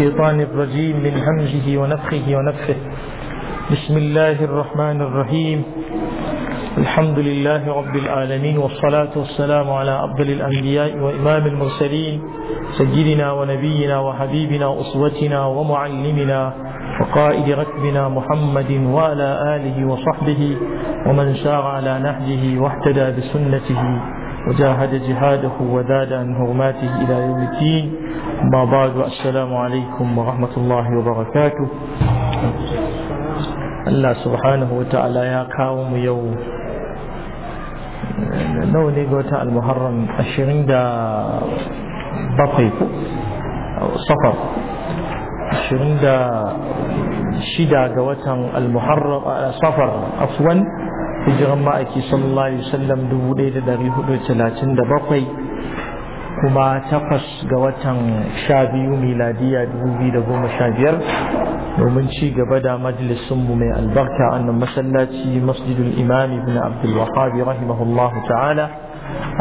الشيطان الرجيم من همزه ونفخه ونفخه بسم الله الرحمن الرحيم الحمد لله رب العالمين والصلاة والسلام على أفضل الأنبياء وإمام المرسلين سيدنا ونبينا وحبيبنا وأسوتنا ومعلمنا وقائد ركبنا محمد وعلى آله وصحبه ومن سار على نهجه واهتدى بسنته وجاهد جهاده وزاد عن هرماته إلى يوم الدين ما بعد السلام عليكم ورحمة الله وبركاته الله سبحانه وتعالى يا كاوم يوم نو نيغوتا المحرم عشرين دا بقي صفر عشرين دا شدا قوة المحرم صفر عفوا hijiran ma'aiki sallallahu alaihi da bakwai kuma takwas ga watan sha biyu sha biyar. domin ci gaba da majalisunmu mai albarka annan masallaci masjidul imam ibn abdul rahimahullahu ta'ala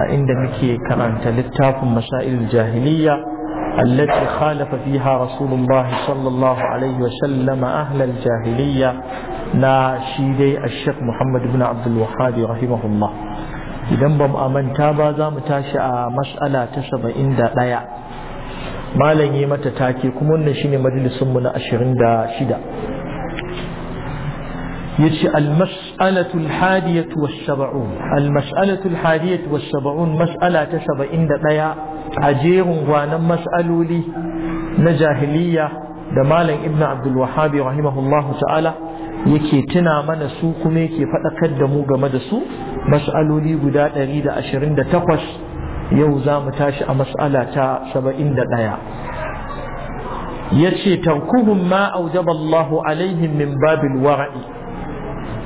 a inda muke karanta littafin masailul jahiliya التي خالف فيها رسول الله صلى الله عليه وسلم أهل الجاهلية نا شيدي الشيخ محمد بن عبد الوهاب رحمه الله idan ba amanta ba za mu tashi a mas'ala ta saba'in da ɗaya malam yi mata take kuma wannan shine majalisunmu na ashirin da shida yace al-mas'alatu al-hadiyatu was-sab'un al-mas'alatu hadiyatu was mas'ala ta saba'in da ɗaya a jerin gwanan mas'aloli na jahiliya da malam ibn Abdulwahabi rahimahullahu ta'ala yake tuna mana su kuma yake faɗakar da mu game da su mas'aloli guda 128 yau za mu tashi a mas'ala ta 71 ya ce tarkuhun ma aujaballahu Allahu alaihim min babil wara'i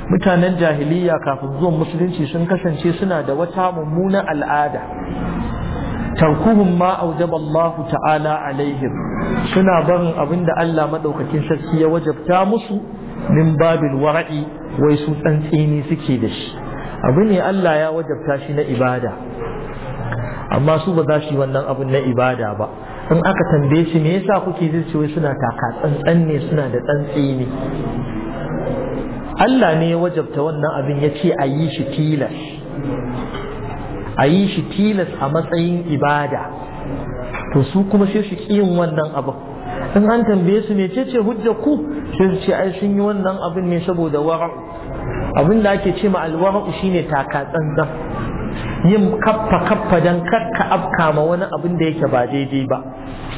mutanen jahiliya kafin zuwan musulunci sun kasance suna da wata mummunan al'ada tarkuhum ma aujaba Allah ta'ala alaihim suna barin abinda Allah madaukakin sarki ya wajabta musu min babil wara'i wai su tsantsini suke da shi abu ne Allah ya wajabta shi na ibada amma su ba za shi wannan abun na ibada ba in aka tambaye shi me yasa kuke zai ce wai suna taka tsantsan ne suna da tsantsini Allah ne ya wajabta wannan abin ya ce a yi shi tilas a yi shi tilas a matsayin ibada to su kuma sai su ƙiyin wannan abin in an tambaye su mece ce hujja ku sai su ce ai sun yi wannan abin ne saboda wara'u abin da ake ce ma alwara'u shine taka tsantsan yin kaffa kaffa dan karka afka ma wani abin da yake ba daidai ba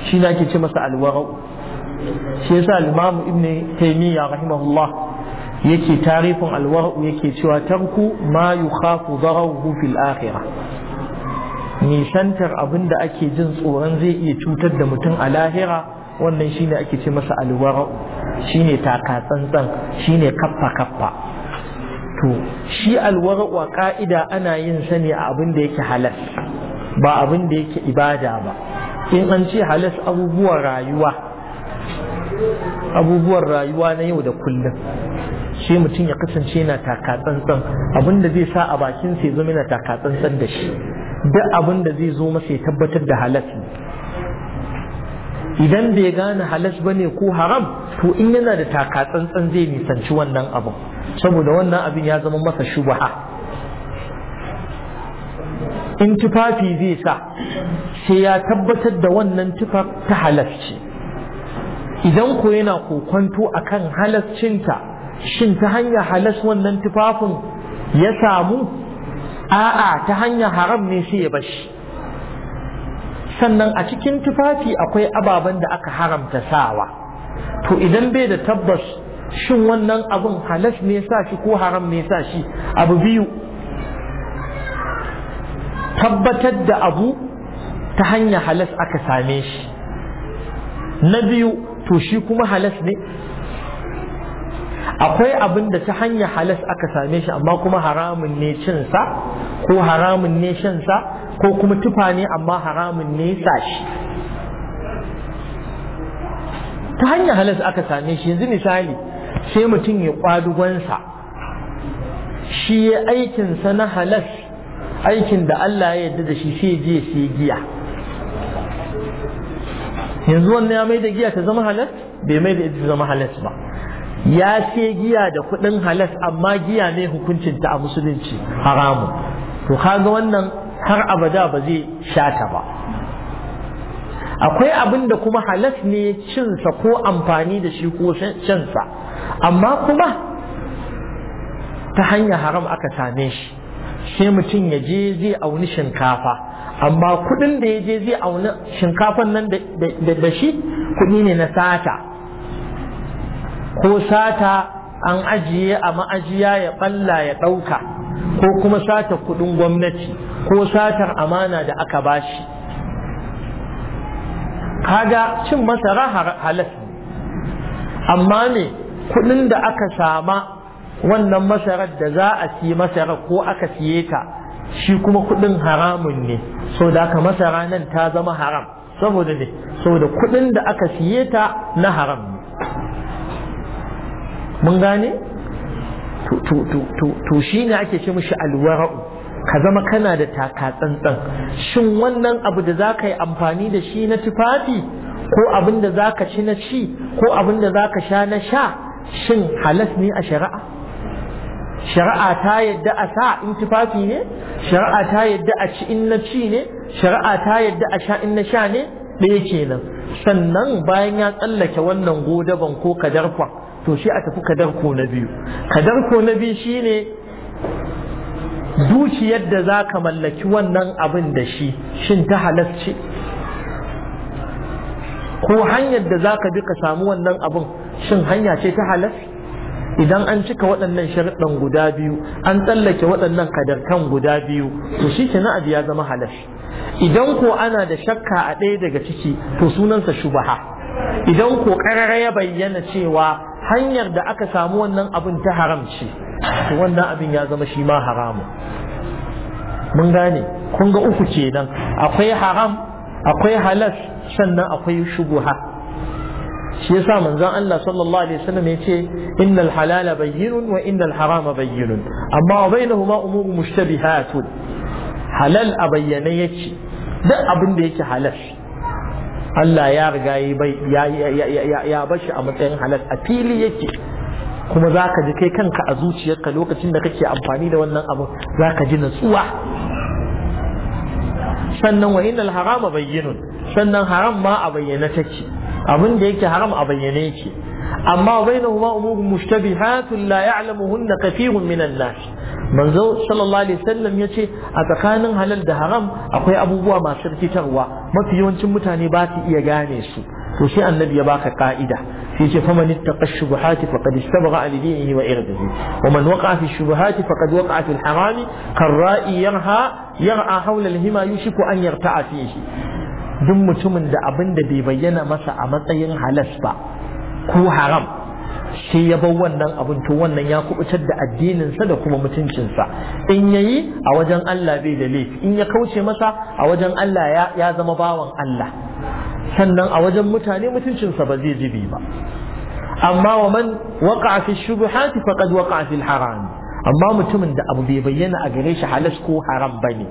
shi na ake ce masa alwara'u shi yasa al-Imam Ibn rahimahullah yake tarifin alwara'u yake cewa tarku ma yukhafu darahu fil akhirah nisantar abin da ake jin tsoron zai iya cutar da mutum a lahira wannan shine ake ce masa alwara shine taka tsantsan shine kaffa kaffa to shi alwara wa ka'ida ana yin sa ne a abin da yake halal ba abin da yake ibada ba in an ce halas abubuwan rayuwa abubuwan rayuwa na yau da kullum shi mutum ya kasance yana taka tsantsan abin da zai sa a bakin sai zama yana taka tsantsan da shi duk abin da zai zo masa ya tabbatar da halas idan bai gane halas ba ne ko haram to in yana da taka tsantsan zai nisanci wannan abin saboda wannan abin ya zama masa shubaha in tufafi zai sa sai ya tabbatar da wannan tufa ta ce idan ko yana kokwanto akan halascinta shin ta hanyar halas wannan tufafin ya samu a'a ta hanyar haram ne sai ya bashi sannan a cikin tufafi akwai ababen da aka haramta sawa to idan bai da tabbas shin wannan abun halas ne sa shi ko haram ne sa shi abu biyu tabbatar da abu ta hanyar halas aka same shi na biyu to shi kuma halas ne akwai abin da ta hanyar halas aka same shi amma kuma haramun ne cinsa ko haramun ne shansa ko kuma tufa ne amma haramun ne sa shi ta hanyar halas aka same shi yanzu misali sai mutum ya kwadugonsa shi ya aikinsa na halas aikin da Allah ya yarda da shi sai je sai giya yanzu wannan ya mai da giya ta zama halas bai mai da ita zama halas ba ya ce giya da kuɗin halas amma giya ne hukuncinta a musulunci haramun to kaga wannan har abada ba zai shata ba akwai abin da kuma halas ne cinsa ko amfani da shi ko shansa amma kuma ta hanyar haram aka same shi sai mutum ya je zai auni shinkafa amma kuɗin da ya je zai auni shinkafan nan da shi kuɗi ne na sata ko sata an ajiye a ma'ajiya ya balla ya ɗauka ko kuma sata kuɗin gwamnati ko satar amana da aka bashi kaga cin masara halas amma ne kuɗin da aka sama wannan masarar da za a siye masarar ko aka siye ta shi kuma kuɗin haramun ne so da aka masara nan ta zama haram saboda ne saboda kuɗin da aka siye ta na haram mun gane to shi ne ake ce mishi alwara'u ka zama kana da taka tsantsan shin wannan abu da za ka yi amfani da shi na tufafi ko abin da za ka ci na ci ko abin da za ka sha na sha shin halas ne a shari'a shari'a ta yadda a sa in tufafi ne shari'a ta yadda a ci in na ci ne shari'a ta yadda a sha in na sha ne ɗaya kenan sannan bayan ya tsallake wannan godaban ko kadarfa to shi a tafi kadarko na biyu kadarko na biyu shine dukiyar da za ka mallaki wannan abin da shi shin ta halarci ko hanyar da za ka bi ka samu wannan abin shin hanya ce ta halas idan an cika waɗannan sharuɗan guda biyu an tsallake waɗannan kadarkan guda biyu to shi ke abu ya zama halas idan ko ana da shakka a ɗaya daga ciki to sunansa shubaha idan ko ƙarara ya bayyana cewa hanyar da aka samu wannan abin ta haramci to wannan abin ya zama shi ma haramu mun gane kun ga uku kenan akwai haram akwai halas sannan akwai shubuha shi yasa manzon Allah sallallahu alaihi wasallam yace innal halala bayyinun wa innal harama bayyinun amma wa bainahuma umuru mushtabihatun halal a bayyane yake duk abin da yake halas Allah ya riga yi bai ya bashi a matsayin halal a fili yake kuma za ka ji kai kanka a zuciyarka lokacin da kake amfani da wannan abu za ka ji natsuwa sannan wa innal harama bayyinun sannan haram ma a bayyane take abin da yake haram a bayyane yake amma bainahuma umurun mushtabihatun la ya'lamuhunna kafirun minan nas manzo sallallahu alaihi wasallam ya ce a tsakanin halal da haram akwai abubuwa masu rikitarwa mafi yawancin mutane ba su iya gane su to sai annabi ya baka ka'ida sai ce faman ittaqa shubuhati faqad istabgha li dinihi wa irdihi wa man waqa'a fi shubuhati faqad waqa'a fi al-harami karra'i yarha yar'a hawla al-hima yushiku an yarta'a fihi duk mutumin da abin da bai bayyana masa a matsayin halas ba ko haram Shi ya bar wannan abin to wannan ya kubutar da addinin sa da kuma mutuncinsa in yayi a wajen Allah bai da laifi in ya kauce masa a wajen Allah ya zama bawan Allah sannan a wajen mutane mutuncinsa ba zai jibi ba amma wa man waqa fi shubuhati faqad fi al haram amma mutumin da abu bai bayyana a gare shi halas ko haram bane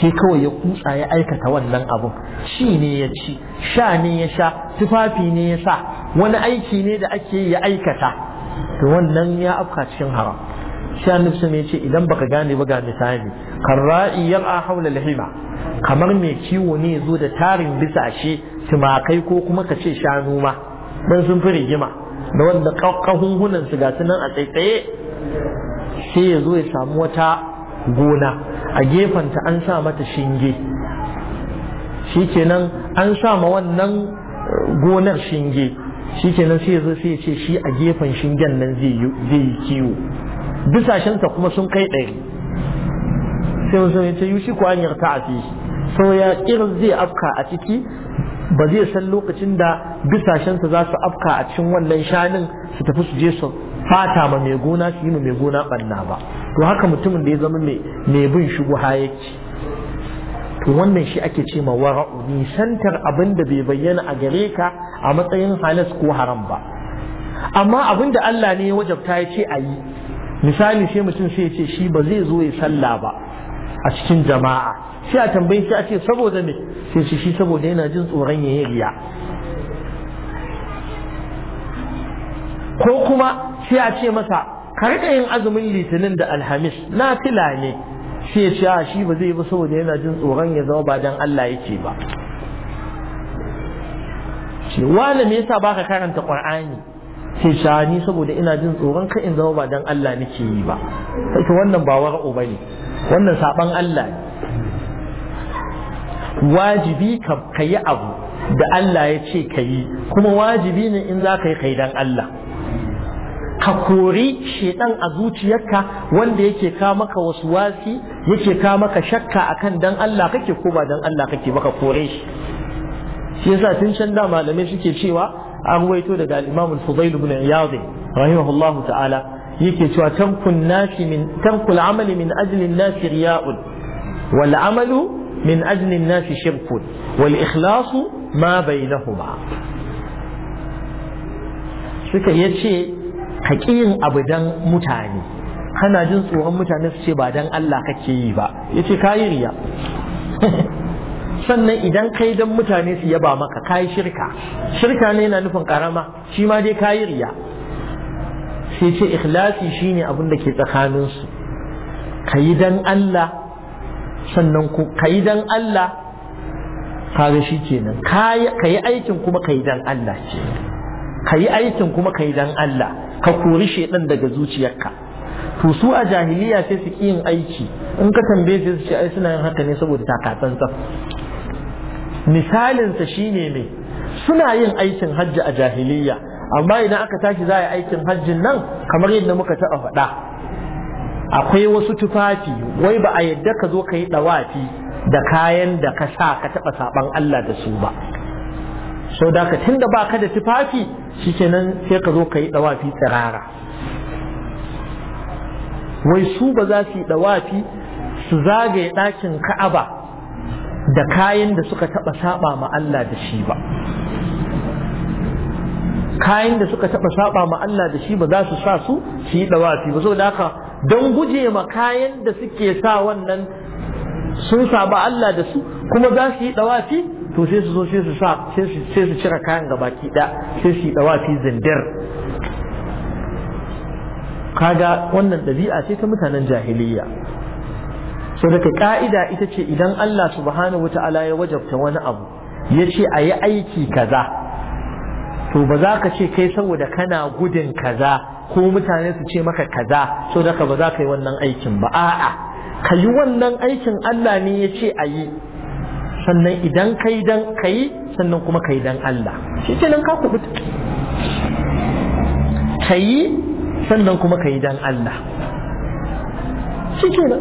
shi kawai ya kutsa ya aikata wannan abun shi ne ya ci sha ne ya sha tufafi ne ya sa wani aiki ne da ake ya aikata to wannan ya afka cikin haram shi annabi sun ce idan baka gane ba ga misali karra'i yar'a haula lahima kamar mai kiwo ne zo da tarin bisa shi tumakai ko kuma ka ce shanu ma dan sun fi rigima da wanda kahunhunan su ga nan a tsaitsaye sai ya zo ya samu wata gona a gefanta an sa mata shinge shikenan an sa ma wannan eh, gonar shinge shikenan sai zo sai ce shi a gefen shingen nan zai yi kiwo bisashensa kuma sun kai ɗari sai wasu ya ce yushi ko an ta a fi sau ya irin zai afka a ciki ba zai san lokacin da bisashensa za su afka a cikin wannan shanin su tafi su je su fata ma mai gona su yi mai gona banna ba to haka mutumin da ya zama mai bin shubuha yake to wannan shi ake ce ma wara'u nisantar abin da bai bayyana a gare ka a matsayin halas ko haram ba amma abin da Allah ne ya wajabta ya ce a yi misali sai mutum sai ya ce shi ba zai zo ya salla ba a cikin jama'a sai a tambayi sai a ce saboda me sai shi shi saboda yana jin tsoron yayi riya ko kuma sai a ce masa ka riƙa yin azumin litinin da alhamis na tila ne sai ya ce a shi ba zai ba saboda yana jin tsoron ya zama ba dan Allah yake ba ce wani me yasa baka karanta qur'ani sai ce ni saboda ina jin tsoron ka in zama ba dan Allah nake yi ba sai wannan ba wara'u bane wannan saban Allah ne wajibi ka yi abu da Allah ya ce ka yi kuma wajibi ne in za ka yi kai dan Allah ka kori shedan a zuciyarka wanda yake ka maka wasu wasi yake ka maka shakka akan dan Allah kake ko ba dan Allah kake ba ka kore shi shi yasa tun can da malamai suke cewa an waito daga al-Imam al-Fudail ibn Iyad rahimahullahu ta'ala yake cewa tankun nasi min tankul amali min ajli an-nas riya'un wal amalu min ajli an-nas shirkun wal ikhlasu ma bainahuma suka yace ka yin abu dan mutane kana jin tsoron mutane su ce ba dan Allah kake yi ba yace ce kayi riya sannan idan kai dan mutane su yaba maka kayi shirka shirka ne yana nufin karama shi ma dai kayi riya sai ce ikhlasi ne abin da ke tsakanin su ka yi dan Allah sannan ku ka yi dan Allah kaga shi kenan ka yi aikin kuma ka yi dan Allah kenan ka yi aikin kuma ka yi don Allah ka kori shaidan daga zuciyarka to su a jahiliya sai su ki yin aiki in ka tambaye sai su ce ai suna yin haka ne saboda misalin misalinsa shine me suna yin aikin hajji a jahiliya amma idan aka tashi za a yi aikin hajjin nan kamar yadda muka taɓa faɗa akwai wasu tufafi wai ba a yadda ka zo ka yi ɗawafi da kayan da ka sa ka taɓa saɓan Allah da su ba sau da ka tun da ba ka da tufafi shi nan sai ka zo ka yi ɗawafi tsirara wai su ba za su yi ɗawafi su zagaye ɗakin ka'aba da kayan da suka taɓa saɓa ma Allah da shi ba kayan da suka taɓa saba ma Allah da shi ba za su sa su su yi ɗawafi ba sau da don guje ma kayan da suke sa wannan sun saba Allah da su kuma za su yi ɗawafi to sai su zo sai su sa sai su cire kayan baki ɗaya sai su yi dawafi zindir kaga wannan ɗabi'a ce ta mutanen jahiliya so daga ka'ida ita ce idan Allah subhanahu wata'ala ya wajabta wani abu ya ce a yi aiki kaza to ba za ka ce kai saboda kana gudun kaza ko mutane su ce maka kaza so daga ba za ka yi wannan aikin ba a'a ka yi wannan aikin Allah ne ya ce a yi sannan idan don dan yi sannan kuma yi dan Allah shi ce nan ka kubuta sannan kuma yi dan Allah shi ce nan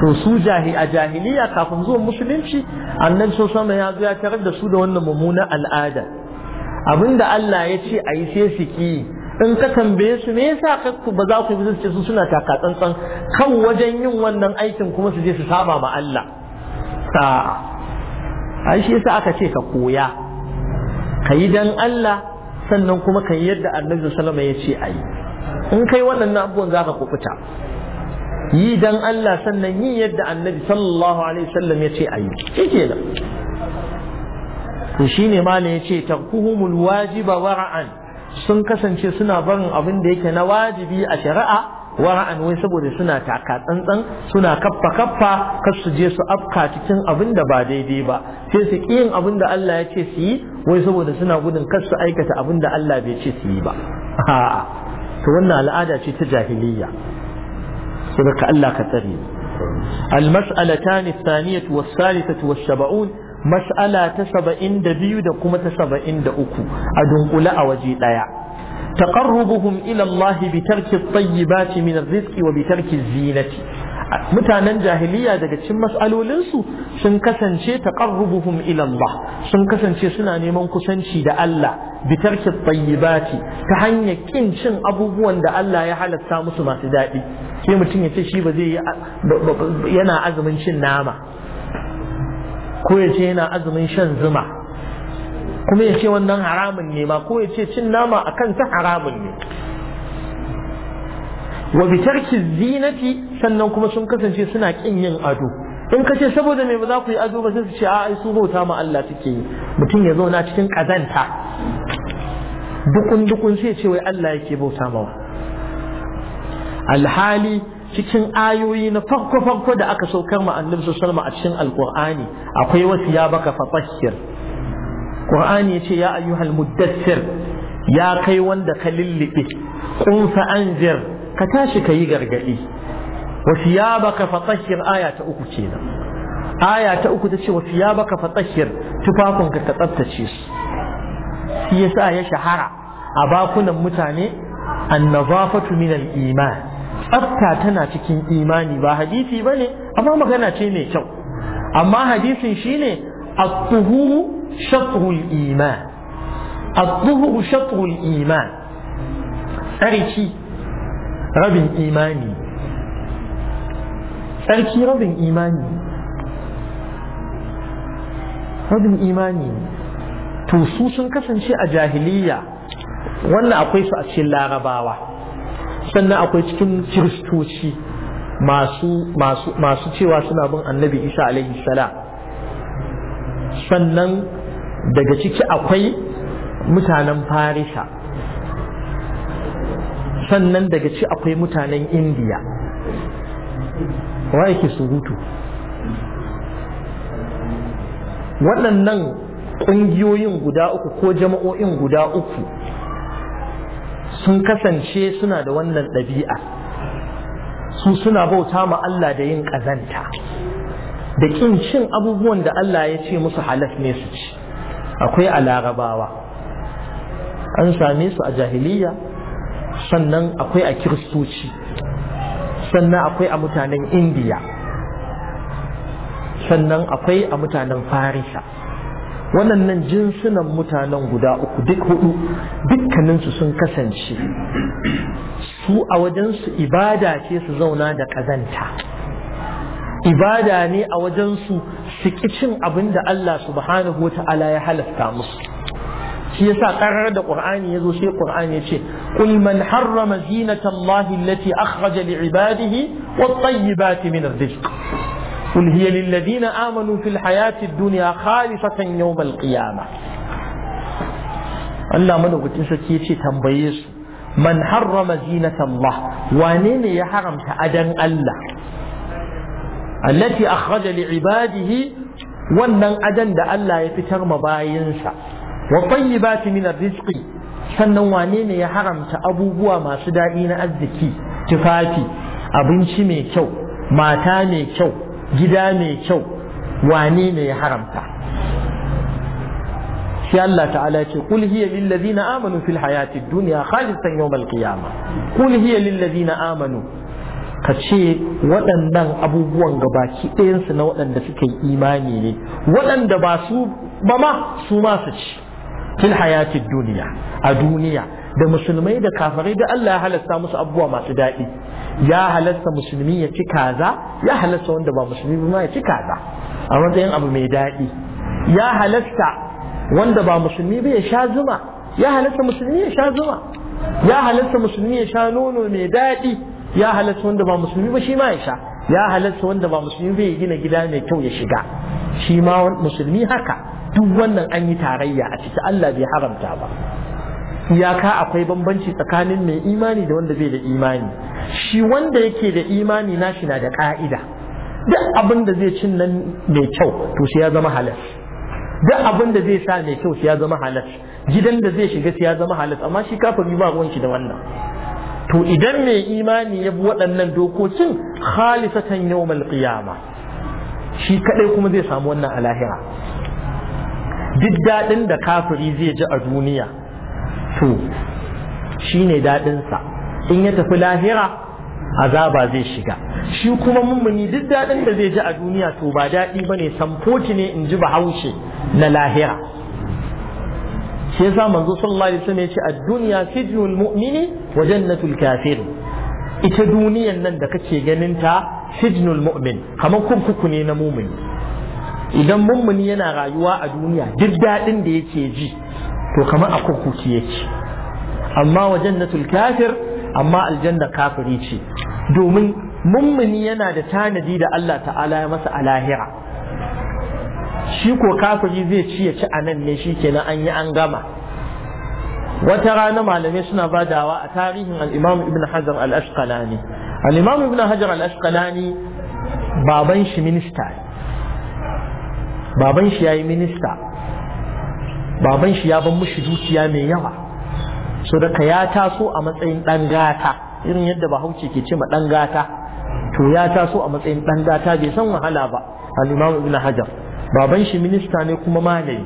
to su jahi a jahiliya kafin zuwan musulunci annan so sama ya zo ya tarar da su da wannan mummuna al'ada abinda Allah ya ce a yi sai su ki in ka tambaye su me yasa ka ba za ku bi su ce su suna takatsantsan kan wajen yin wannan aikin kuma su je su saba ma Allah sa ai shi yasa aka ce ka koya ka yi dan Allah sannan kuma ka yi yadda annabi sallama ya ce a yi in kai wannan abubuwan za ka kukuta yi dan Allah sannan yi yadda annabi sallallahu alaihi wasallam ya ce a yi shi kenan to shine malam ya ce tarkuhumul wajiba wara'an sun kasance suna barin abin da yake na wajibi a shari'a wara'an wai saboda suna taka tsantsan suna kaffa kaffa kar su je su afka cikin abin da ba daidai ba sai su ƙi yin abin da Allah ya ce su yi wai saboda suna gudun kar su aikata abin da Allah bai ce su yi ba to wannan al'ada ce ta jahiliyya saboda Allah ka tsare da biyu da kuma ta تسبعين da uku, a دأكو a waje ɗaya. taqarrubuhum ila Allah bi tarki at min ar wa bi zinati mutanen jahiliya daga cikin mas'alolinsu sun kasance taqarrubuhum ila Allah sun kasance suna neman kusanci da Allah bi tarki tayyibati ta hanyar kin cin abubuwan da Allah ya halatta musu masu daɗi Ke mutum ya ce shi ba zai yana azumin cin nama ko ya ce yana azumin shan zuma kuma ya ce wannan haramun ne ma ko ya ce cin nama a kansa haramun ne wa bitarki zinati sannan kuma sun kasance suna kin yin ado in ka ce saboda me ba za ku yi ado ba sai su ce a su bauta ma Allah take yi mutum ya zauna cikin kazanta dukun dukun sai ce wai Allah yake bauta mawa alhali cikin ayoyi na farko farko da aka saukar ma annabi sallallahu alaihi wasallam a cikin alqur'ani akwai wasu ya baka fatahhir qur'ani yace ya ayyuhal muddassir ya kai wanda ka lillibe kun fa anzir ka tashi kayi gargadi wa siyabaka fatahhir aya ta uku kenan aya ta uku tace wa siyabaka fatahhir tufafinka ka tsaftace su shi yasa ya shahara a bakunan mutane annazafatu min al-iman tsafta tana cikin imani ba hadisi bane amma magana ce mai kyau amma hadisin shine at-tuhuru شطر الإيمان الظهر شطر الإيمان أرشي رب إيماني أرشي رب إيماني رب إيماني توصوصا كسن شيء جاهلية ولا أقويس أشي لا غباوة sannan akwai cikin kiristoci masu cewa suna bin annabi isa alaihi salam sannan daga ciki akwai mutanen farisa sannan daga ciki akwai mutanen indiya wa yake surutu waɗannan ƙungiyoyin guda uku ko jama'o'in guda uku sun kasance suna da wannan ɗabi'a su suna bauta ma Allah da yin ƙazanta da ƙin cin abubuwan da Allah ya ce musu halas ne su ci akwai a larabawa an same su a jahiliya sannan akwai a kiristoci sannan akwai a mutanen indiya sannan akwai a mutanen farisa waɗannan jinsunan mutanen guda uku duk hudu dukkaninsu sun kasance su a wajensu ibada ce su zauna da ƙazanta ibada ne a wajensu su cin abin da Allah subhanahu wa ta'ala ya halatta musu shi yasa karar da qur'ani yazo shi qur'ani ya ce qul man harrama zinata allahi allati akhraja li ibadihi wat tayyibati min ar rizq kul hiya قل هي للذين آمنوا في dunya الدنيا yawm al-qiyamah Allah madaukakin sarki yace tambaye su man harrama zinata Allah wane ne ya haramta adan Allah allati akhraja li wannan adan da Allah ya fitar ma bayinsa wa tayyibati min arrizqi sannan wane ne ya haramta abubuwa masu daɗi na arziki tufafi abinci mai kyau mata mai kyau gida mai kyau wane ne ya haramta sai Allah ta'ala ce kul hiya lil ladina amanu fil hayati dunya khalisan yawm al qiyamah kul hiya lil ladina amanu ka ce waɗannan abubuwan gabaki ɗayansu na waɗanda suka yi imani ne waɗanda ba su ba ma su ma su ci fil hayati duniya a duniya da musulmai da kafirai da Allah ya halasta musu abubuwa masu daɗi ya halasta musulmi ya ci kaza ya halasta wanda ba musulmi ba ma ya ci kaza a matsayin abu mai daɗi ya halasta wanda ba musulmi ba ya sha zuma ya halasta musulmi ya sha zuma ya halasta musulmi ya sha nono mai daɗi ya halatta wanda ba musulmi ba shi ma ya sha ya halatta wanda ba musulmi bai gina gida mai kyau ya shiga shi ma musulmi haka duk wannan an yi tarayya a ciki Allah bai haramta ba iyaka akwai bambanci tsakanin mai imani da wanda bai da imani shi wanda yake da imani nashi na da ka'ida duk abin da zai cin nan mai kyau to sai ya zama halal duk abin da zai sa mai kyau sai ya zama halal gidan da zai shiga sai ya zama halal amma shi kafiri ba ruwan shi da wannan to idan mai imani ya bi waɗannan dokokin khalisatan yawmal qiyama shi kadai kuma zai samu wannan a lahira duk daɗin da kafiri zai ji a duniya to ne daɗinsa in ya tafi lahira azaba zai shiga shi kuma mummuni duk daɗin da zai ji a duniya to ba daɗi ba ne samfoti ne in ji bahaushe na lahira shi yasa manzo sallallahu alaihi wasallam yace ad-dunya sijnul mu'mini wa jannatul kafir ita duniyan nan da kake ganin ta sijnul mu'min kamar kurkuku ne na mumini idan mumini yana rayuwa a duniya duk dadin da yake ji to kamar a kurkuku yake amma wa jannatul kafir amma aljanna kafiri ce domin mummuni yana da tanadi da Allah ta'ala ya masa a lahira shi ko kafiri zai ci ya ci a nan ne shi kenan an yi an gama wata rana malamai suna badawa a tarihin al'imam ibn hajar al-ashqalani al'imam ibn hajar al-ashqalani baban shi minista baban shi ya yi minista baban shi ya ban mushi dukiya mai yawa so daga ya taso a matsayin ɗan gata irin yadda bahaushe ke ce ma ɗan gata to ya taso a matsayin ɗan gata bai san wahala ba al'imam ibn hajar baban shi minista ne kuma malami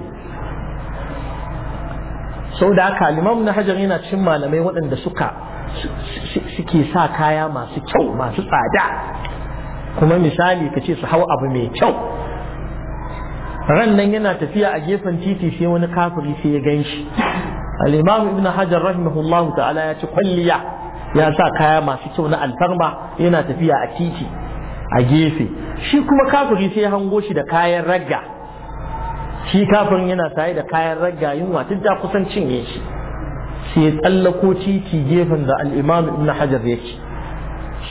sau da haka limam na hajar yana cin malamai waɗanda suka suke sa kaya masu kyau masu tsada kuma misali ka ce su hau abu mai kyau ran nan yana tafiya a gefen titi sai wani kafiri sai ya gan shi alimam ibn hajar rahimahullah ta'ala ya ci kwalliya ya sa kaya masu kyau na alfarma yana tafiya a titi a gefe shi kuma kafiri sai hango shi da kayan ragga shi kafirin yana saye da kayan ragga yunwa duk da kusan cinye shi sai ya tsallako titi gefen da al'imam ibn hajar yake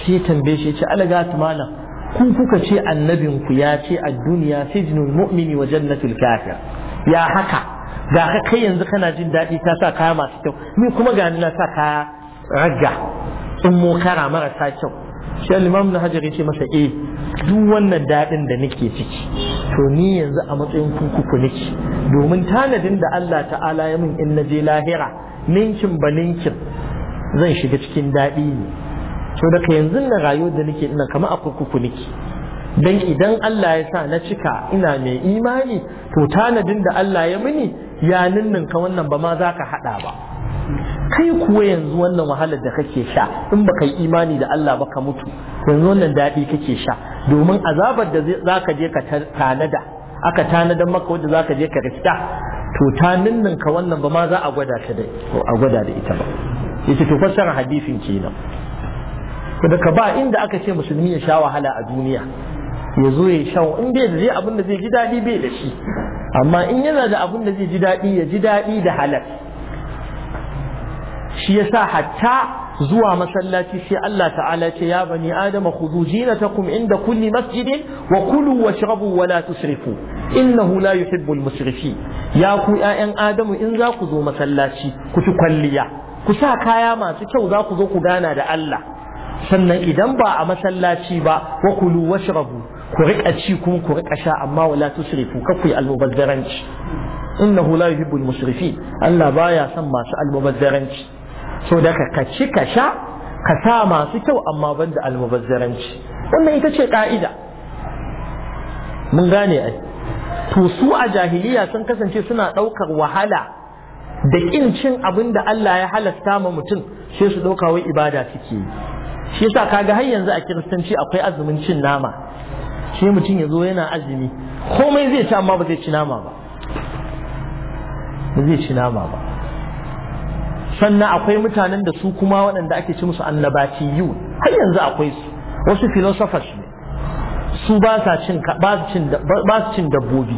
sai tambaye shi ya ce alagatu malam kun kuka ce ku ya ce a duniya sijnul mu'mini wa jannatul kafir ya haka ga ka kai yanzu kana jin daɗi ta sa kaya masu kyau ni kuma ga na sa kaya ragga in mu kara marasa kyau shi al na hajar yace masa eh duk wannan daɗin da nake ciki to ni yanzu a matsayin kurkuku nake domin tanadin da Allah ta'ala ya min in je lahira ninkin ba ninkin zan shiga cikin daɗi ne to daga yanzu na rayuwar da nake ina kama a kurkuku nake dan idan Allah ya sa na cika ina mai imani to tanadin da Allah ya mini ya ninninka wannan ba ma za ka haɗa ba kai kuwa yanzu wannan wahalar da kake sha in baka yi imani da Allah ba ka mutu yanzu wannan daɗi kake sha domin azabar da za ka je ka tanada aka tanada maka wanda za ka je ka rikita, to ta ka wannan ba ma za a gwada ta da a gwada da ita ba yace to fassara hadisin kenan ka ba inda aka ce musulmi ya sha wahala a duniya ya zo ya sha in bai da zai abin da zai ji daɗi bai da shi amma in yana da abin da zai ji daɗi ya ji daɗi da halal shi yasa hatta zuwa masallaci sai Allah ta'ala ce ya bani adama khudhu zinatakum inda kulli masjidin wa kulu washrabu wa la tusrifu innahu la yuhibbul musrifin ya ku ƴaƴan adamu in za ku zo masallaci ku ci kwalliya ku sa kaya masu kyau za ku zo ku gana da Allah sannan idan ba a masallaci ba wa kulu washrabu ku riƙa ci kuma ku riƙa sha amma wala tusrifu kaku yi almubazzaranci innahu la yuhibbul musrifin Allah baya son masu almubazzaranci so da ka ci ka sha ka sa masu kyau amma ban da almubazzaranci wannan ita ce ka'ida mun gane ai to su a jahiliya sun kasance suna ɗaukar wahala da ƙin cin abin da Allah ya halasta ma mutum sai su ɗauka wai ibada suke yi shi yasa kaga har yanzu a kiristanci akwai azumin cin nama shi mutum ya zo yana azumi komai zai ci amma ba zai ci nama ba zai ci nama ba sannan akwai mutanen da su kuma waɗanda ake ci musu annabaci yi har yanzu akwai su wasu filosofas ne su ba cin su cin dabbobi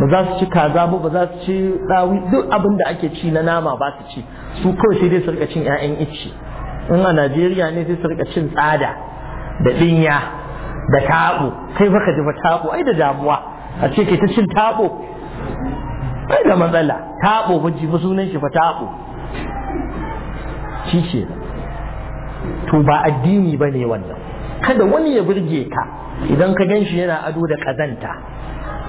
ba za su ci kaza ba ba za su ci ɗawi duk abin da ake ci na nama ba su ci su kawai sai dai su rika cin 'ya'yan ice in a Najeriya ne sai su rika cin tsada da ɗinya da taɓo sai baka jifa taɓo ai da damuwa a ce ke ta cin taɓo ai da matsala taɓo ba jifa sunan shi fa taɓo shi ce to ba addini ba ne wannan kada wani ya burge ka idan ka gan shi yana ado da kazanta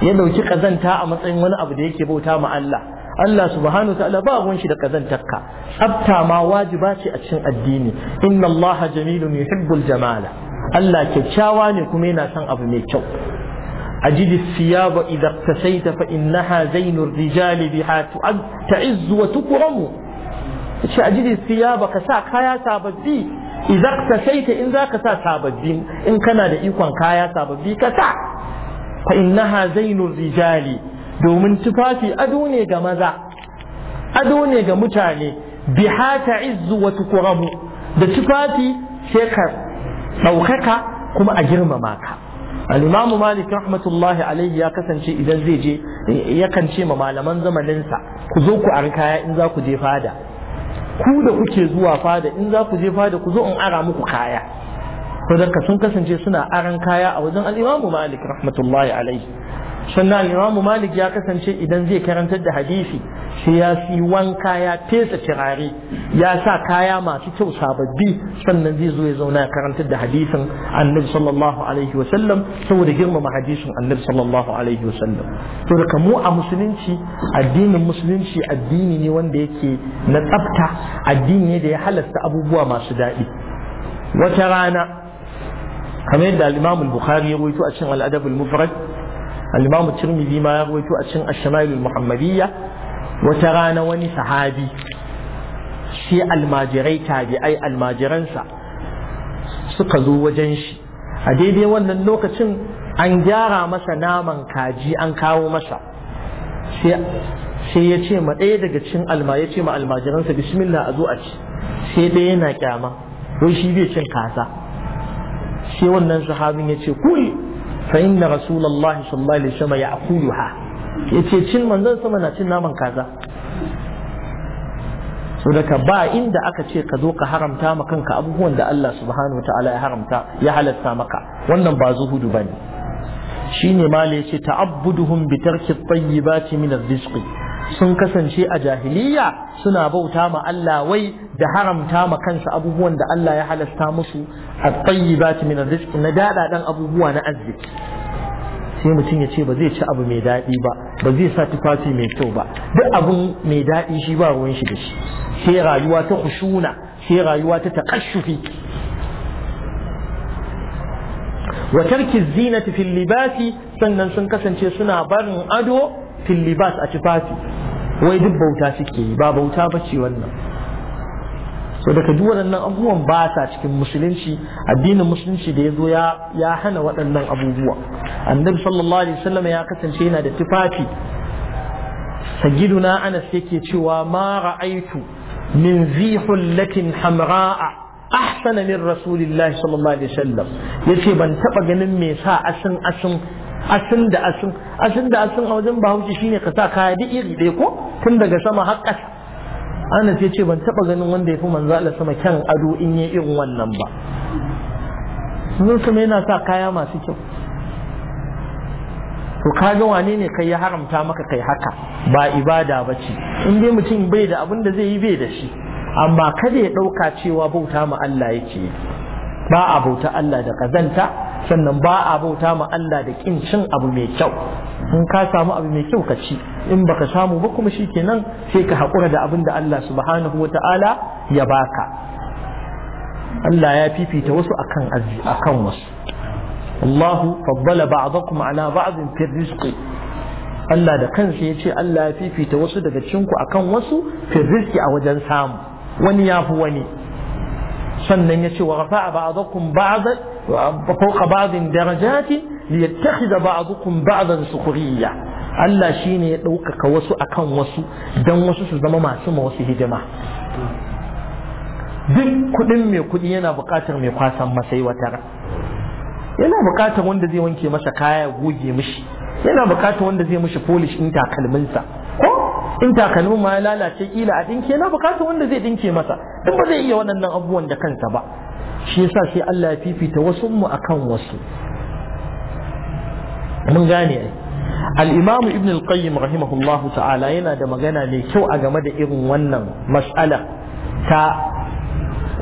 ya ɗauki kazanta a matsayin wani abu da yake bauta ma Allah Allah subhanahu wa ta'ala ba ruwan shi da ka tsafta ma wajiba ce a cikin addini inna Allah jamilun yuhibbul jamala Allah kyakkyawa ne kuma yana son abu mai kyau أجد الثياب إذا اقتسيت فإنها زين الرجال بها تعز وتكرم shi a jiri siya baka sa kaya sababbi idan ka saita in za ka sa sababbi in kana da ikon kaya sababbi ka sa fa innaha zainul rijali domin tufafi ado ne ga maza ado ne ga mutane biha ta'izzu wa tukramu da tufafi sai ka ɗaukaka kuma a girmama ka al-imam malik rahmatullahi alaihi ya kasance idan zai je yakan ce ma malaman zamaninsa ku zo ku an kaya in za ku je fada ku da kuke zuwa fada in za ku je fada ku zo in ara muku kaya saboda sun kasance suna aran kaya a wajen al-Imam Malik rahmatullahi alaihi sannan al-imamu malik ya kasance idan zai karantar da hadisi sai ya fi wanka ya fesa turare ya sa kaya masu kyau sababbi sannan zai zo ya zauna ya karantar da hadisin annabi sallallahu alaihi wasallam saboda girmama hadisin annabi sallallahu alaihi wasallam to da mu a musulunci addinin musulunci addini ne wanda yake na tsafta addini ne da ya halasta abubuwa masu daɗi wata rana kamar yadda al-imamu bukhari ya rawaito a cikin al-adab al-mufrad al-imamu tirmidhi ma ya rawaito a cikin ash al muhammadiyya wata rana wani sahabi shi almajirai tabi'ai almajiransa suka zo wajen shi a daidai wannan lokacin an gyara masa naman kaji an kawo masa sai ya ce ma ɗaya daga cin alma ya ce ma almajiransa bismillah a zo a ci sai ɗaya yana kyama don shi bai cin kasa sai wannan sahabin ya ce kuri fa inna rasulullahi sallallahu alaihi ha? ya'kuluha yace cin manzon sama na cin naman kaza ka ba inda aka ce ka zo ka haramta ma kanka abubuwan da Allah subhanahu wataala ya haramta ya halatta maka wannan ba zuhudu Shi ne ma yace ta'abbuduhum bi tarki at-tayyibati min ar-rizqi sun kasance a jahiliya suna bauta ma Allah wai da haramta ma kansu abubuwan da Allah ya halasta musu a tsayibat min rizq na daɗaɗen abubuwa na arziki sai mutum ya ce ba zai ci abu mai daɗi ba ba zai sa tufafi mai kyau ba duk abun mai daɗi shi ba ruwan shi da shi sai rayuwa ta kushuna sai rayuwa ta taƙashufi wa tarki zinati fil libasi sannan sun kasance suna barin ado fillibas a tufafi wai duk bauta suke yi ba bauta ba ce wannan so daga duk waɗannan abubuwan ba sa cikin musulunci addinin musulunci da ya zo ya hana waɗannan abubuwa annabi sallallahu alaihi wasallam ya kasance yana da tufafi sagiduna anas yake cewa ma ra'aitu min zihullatin hamra'a ahsana min rasulillahi sallallahu alaihi wasallam yace ban taba ganin me sa asin asin asin da asin asin da asin a wajen bahaushe shine ka sa kaya duk iri ɗaya ko tun daga sama har ƙasa ana ce ce ban taɓa ganin wanda ya fi manzo Allah sama kyan ado in yi irin wannan ba sun yana sa kaya masu kyau to ka ga wane ne kai ya haramta maka kai haka ba ibada ba ce in dai mutum bai da abin da zai yi bai da shi amma kada ya ɗauka cewa bauta ma Allah yake ba a bauta Allah da kazanta sannan ba a bauta ma Allah da kin cin abu mai kyau in ka samu abu mai kyau ka ci in baka samu ba kuma shi shikenan sai ka haƙura da abin da Allah subhanahu wa ta'ala ya baka Allah ya fifita wasu akan akan wasu Allah faddala ba'dakum ala ba'd fi rizqi Allah da kansa ya ce Allah ya fifita wasu daga cinku akan wasu fi a wajen samu wani yafi wani sannan ya ce wa rafa'a ba'dakum ba'dan فوق بعض درجات ليتخذ بعضكم بعضا سخرية Allah shi ne ya ɗaukaka wasu akan wasu don wasu su zama masu ma wasu hidima duk kuɗin mai kuɗi yana buƙatar mai kwasan masai yana buƙatar wanda zai wanke masa kaya goge mishi yana buƙatar wanda zai mishi polish in takalminsa ko in takalmin ma ya lalace kila a ɗinke yana buƙatar wanda zai ɗinke masa don ba zai iya waɗannan abubuwan da kansa ba shi yasa sai Allah ya fifita wasu mu akan wasu mun gane ai al-imam ibn al-qayyim rahimahullahu ta'ala yana da magana mai kyau a game da irin wannan mas'ala ta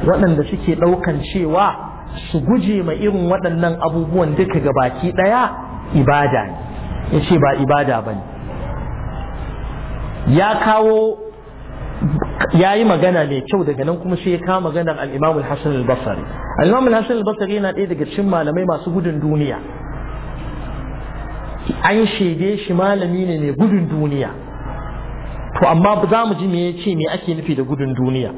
waɗanda suke ɗaukan cewa su guje ma irin waɗannan abubuwan duka gabaki ɗaya ibada ne ya ce ba ibada ba ne ya kawo ya yi magana mai kyau daga nan kuma sai ya kama maganar al Hassan al-Hasan al Hassan al-Imam yana ɗaya daga cikin malamai masu gudun duniya an shaide shi malami ne mai gudun duniya to amma za mu ji me yace me ake nufi da gudun duniya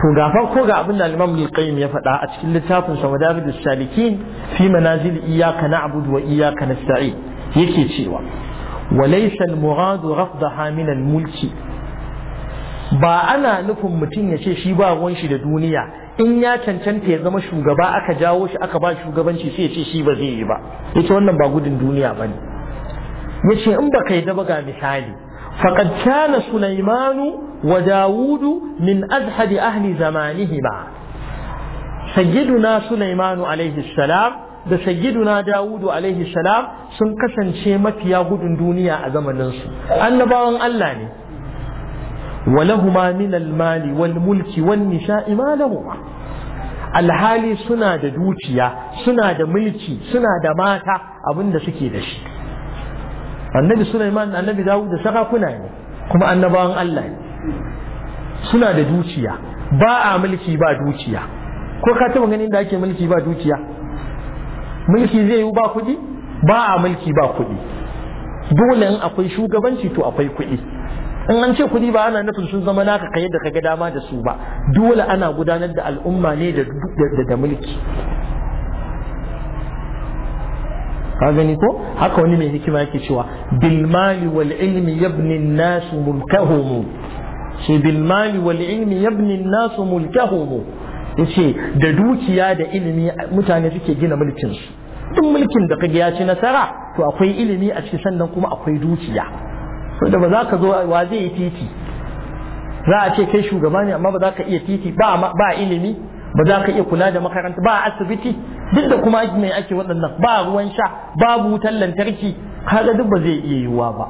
to ga farko ga abin da al al-Qayyim ya faɗa a cikin littafin sa da Salikin fi manazil iyyaka na'budu wa iyyaka nasta'in yake cewa وليس muradu رفضها من mulki ba ana nufin mutum ya ce shi ba ruwan shi da duniya in ya cancanta ya zama shugaba aka jawo shi aka ba shugabanci sai ya ce shi ba zai yi ba yace wannan ba gudun duniya ba bane yace in ba kai da ba ga misali faqad kana sulaimanu wa dawudu min azhadi ahli zamanihi ba sayyiduna sulaimanu alaihi salam da sayyiduna dawudu alaihi salam sun kasance mafiya gudun duniya a zamaninsu annabawan Allah ne ولهما من المال والملك والنساء ما لهما alhali suna da dukiya suna da mulki suna da mata abinda suke da shi annabi Sulaiman annabi Dawud da sarakuna ne kuma annabawan Allah ne suna da dukiya ba a mulki ba dukiya ko ka taba ganin da ake mulki ba dukiya mulki zai yi ba kuɗi ba a mulki ba kuɗi dole in akwai shugabanci to akwai kuɗi in an ce kuɗi ba ana nufin sun zama naka ka yadda ka ga dama da su ba dole ana gudanar da al'umma ne da mulki ka gani ko haka wani mai hikima yake cewa bil mali wal ilmi yabni an-nas mulkahum shi bil mali wal ilmi yabni an-nas mulkahum yace da dukiya da ilimi mutane suke gina mulkin su duk mulkin da kage ya ci nasara to akwai ilimi a cikin sannan kuma akwai dukiya da ba za ka zo wa zai yi titi za a ce kai shugaba ne amma ba za ka iya titi ba ilimi ba za ka iya kula da makaranta ba asibiti duk da kuma mai ake waɗannan ba ruwan sha babu wutar lantarki kaga duk ba zai iya yiwuwa ba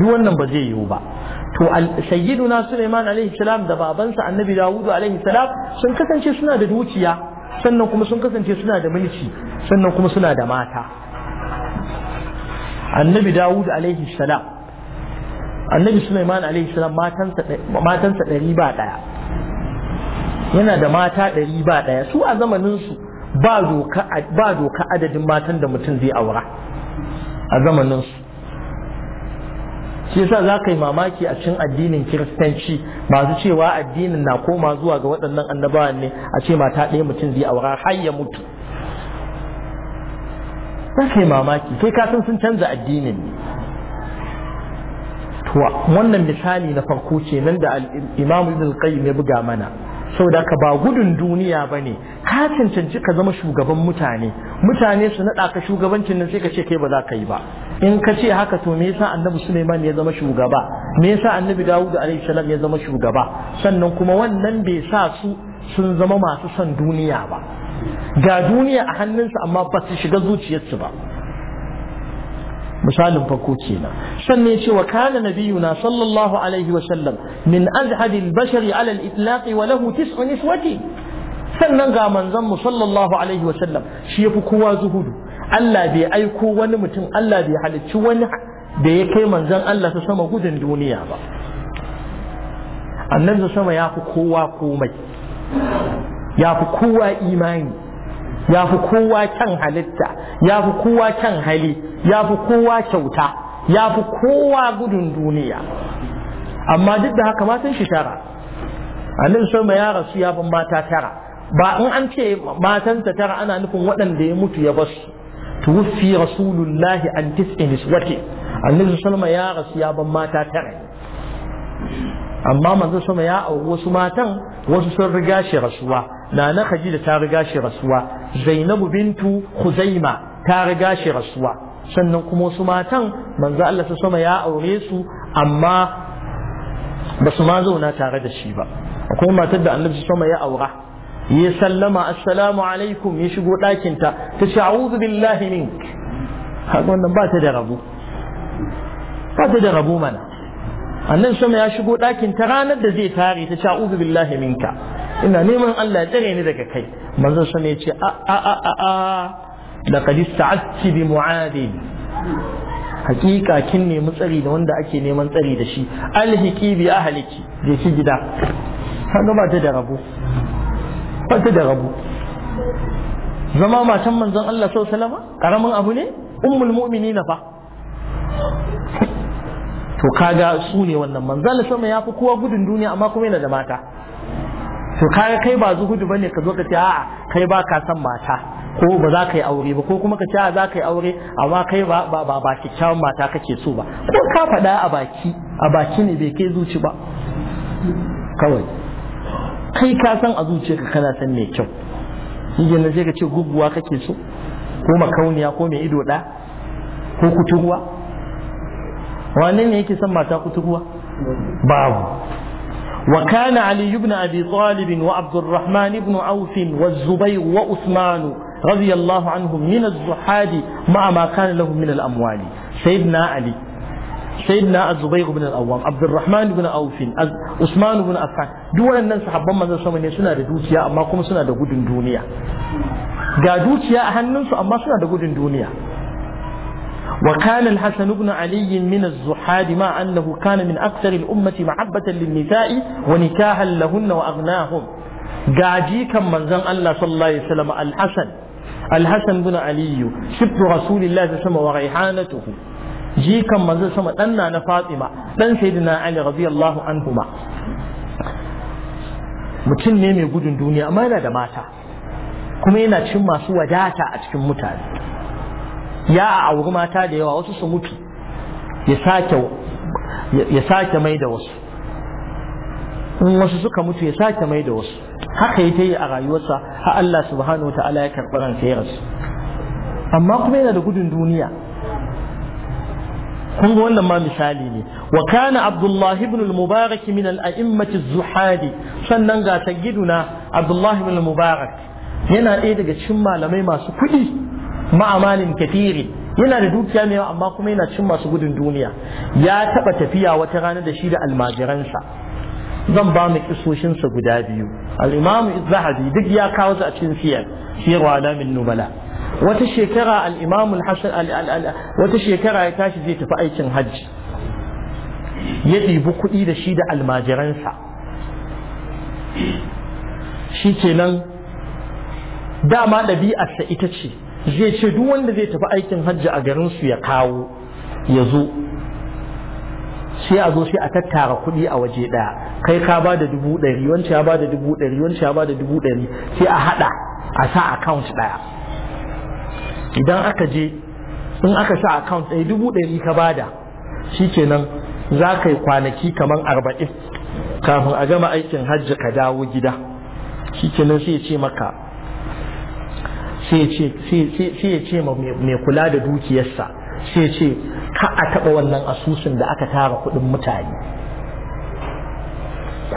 duk wannan ba zai yiwu ba to sayyiduna Sulaiman alaihi salam da babansa Annabi Dawudu alaihi salam sun kasance suna da dukiya sannan kuma sun kasance suna da mulki sannan kuma suna da mata Annabi Dawudu alaihi salam annabi Sulaiman alaihi salam matansa matansa ɗari ba ɗaya yana da mata ɗari ba ɗaya su a zamanin su ba doka ba doka adadin matan da mutum zai aura a zamanin su shi yasa za ka yi mamaki a cikin addinin kiristanci masu cewa addinin na koma zuwa ga waɗannan annabawan ne a ce mata ɗaya mutum zai aura har ya mutu za ka yi mamaki sai ka san sun canza addinin ne to wannan misali na farko ce nan da imamu imam Ibn Qayyim ya buga mana saboda ka ba gudun duniya ba ne ka cancanci ka zama shugaban mutane mutane su naɗa ka shugabancin nan sai ka ce kai ba za ka yi ba in ka ce haka to me yasa annabi Sulaiman ya zama shugaba me yasa annabi Dawud alaihi salam ya zama shugaba sannan kuma wannan bai sa su sun zama masu son duniya ba ga duniya a hannunsu amma ba su shiga zuciyarsu ba misalin farko kenan sannan ya ce wa kana na sallallahu alaihi wa sallam min azhadil bashari ala al-itlaqi wa lahu tis'u niswati sannan ga manzon mu sallallahu alaihi wa sallam shi yafi kowa zuhudu Allah bai aiko wani mutum Allah bai halicci wani da ya kai manzon Allah ta sama gudun duniya ba annabi sama ya fi kowa komai ya fi kowa imani ya fi kowa kyan halitta ya fi kowa kyan hali ya fi kowa kyauta ya fi kowa gudun duniya amma duk da haka matan shi tara annin mai ya rasu ya ban mata tara ba in an ce matansa tara ana nufin waɗanda ya mutu ya basu tuwfi rasulullahi an tis'i annin annabi mai ya rasu ya mata tara amma manzo sama ya auri wasu matan wasu sun riga shi rasuwa nana khadija ta riga shi rasuwa zainabu bintu khuzaima ta riga shi rasuwa sannan kuma wasu matan manzo Allah sama ya aure su amma ba su ma zauna tare da shi ba akwai matar da annabi sama ya aura ya sallama assalamu alaikum ya shigo ɗakinta ta ce a'udhu billahi mink haka wannan ba ta da rabu ba ta da rabu mana annan sama ya shigo ɗakin ta ranar da zai tare ta ce a'udhu billahi minka ina neman Allah ya tsare ni daga kai manzo sun ya ce a a a a laqad ista'adti bi mu'adin hakika kin nemi tsari da wanda ake neman tsari da shi alhiki bi ahliki je ki gida kaga ba ta da rabo ba ta da rabo zama matan manzon Allah sallallahu alaihi wasallam karamin abu ne ummul mu'minina fa to kaga su ne wannan manzon Allah wasallam ya fi kowa gudun duniya amma kuma yana da mata to kaga kai ba zuhudu bane ka zo ka ce a'a kai ba ka san mata ko ba za ka yi aure ba ko kuma ka ce a'a za ka yi aure amma kai ba ba ba cewa mata kake so ba ko ka faɗa a baki a baki ne bai kai zuci ba kawai kai ka san a zuciyarka kana san mai kyau shi na sai ka ce guguwa kake so ko makauniya ko mai ido ɗa ko kuturuwa wane ne yake son mata kuturuwa babu وكان علي بن أبي طالب وعبد الرحمن بن عوف والزبير وأثمان رضي الله عنهم من الزحاد مع ما كان لهم من الأموال سيدنا علي سيدنا الزبير بن الأوام عبد الرحمن بن عوف عثمان بن عفان دول الناس sahabban manzon sama ne suna da dukiya amma kuma suna da gudun duniya ga dukiya a hannunsu amma وكان الحسن بن علي من الزحاد مع أنه كان من أكثر الأمة محبة للنساء ونكاها لهن وأغناهم جاجي كم من زن الله صلى الله عليه وسلم الحسن الحسن بن علي شبه رسول الله صلى الله عليه وسلم وريحانته جي كم من زن سما أنا نفاطمة بن سيدنا علي رضي الله عنهما mutum ne mai gudun duniya amma yana da mata kuma yana cin masu wadata a cikin mutane ya a auri mata da yawa wasu su mutu ya sake mai da wasu in wasu suka mutu ya sake mai da wasu haka ya ta yi a rayuwarsa ha Allah subhanahu ta'ala ya karɓi ransa amma kuma yana da gudun duniya kun ga wannan ma misali ne wa kana abdullahi ibn al-mubarak min al-a'immati zuhadi sannan ga tagiduna abdullahi ibn al-mubarak yana ɗaya daga cikin malamai masu kuɗi ma'amalin kafiri yana da dukiya mai amma kuma yana cin masu gudun duniya ya taba tafiya wata rana da shi da almajiransa zan ba mu kisoshinsa guda biyu Al'imamu zahabi duk ya kawo su a cikin siyar siyar wa alamin nubala wata shekara al-imamu wata shekara ya tashi zai tafi aikin hajji ya ɗibi kuɗi da shi da almajiransa shi kenan dama ɗabi'arsa ita ce zai ce duk wanda zai tafi aikin hajji a garin su ya kawo ya zo sai a zo sai a tattara kuɗi a waje ɗaya kai ka ba da dubu ɗari wancan ya ba da dubu ɗari wancan ya ba da dubu ɗari sai a haɗa a sa account ɗaya idan aka je in aka sa account ɗaya dubu ɗari ka bada shikenan za ka yi kwanaki kamar arba'in kafin a gama aikin hajji ka dawo gida shikenan sai ya ce maka sai ya ce mai kula da dukiyarsa sai ya ce ka a taɓa wannan asusun da aka tara kuɗin mutane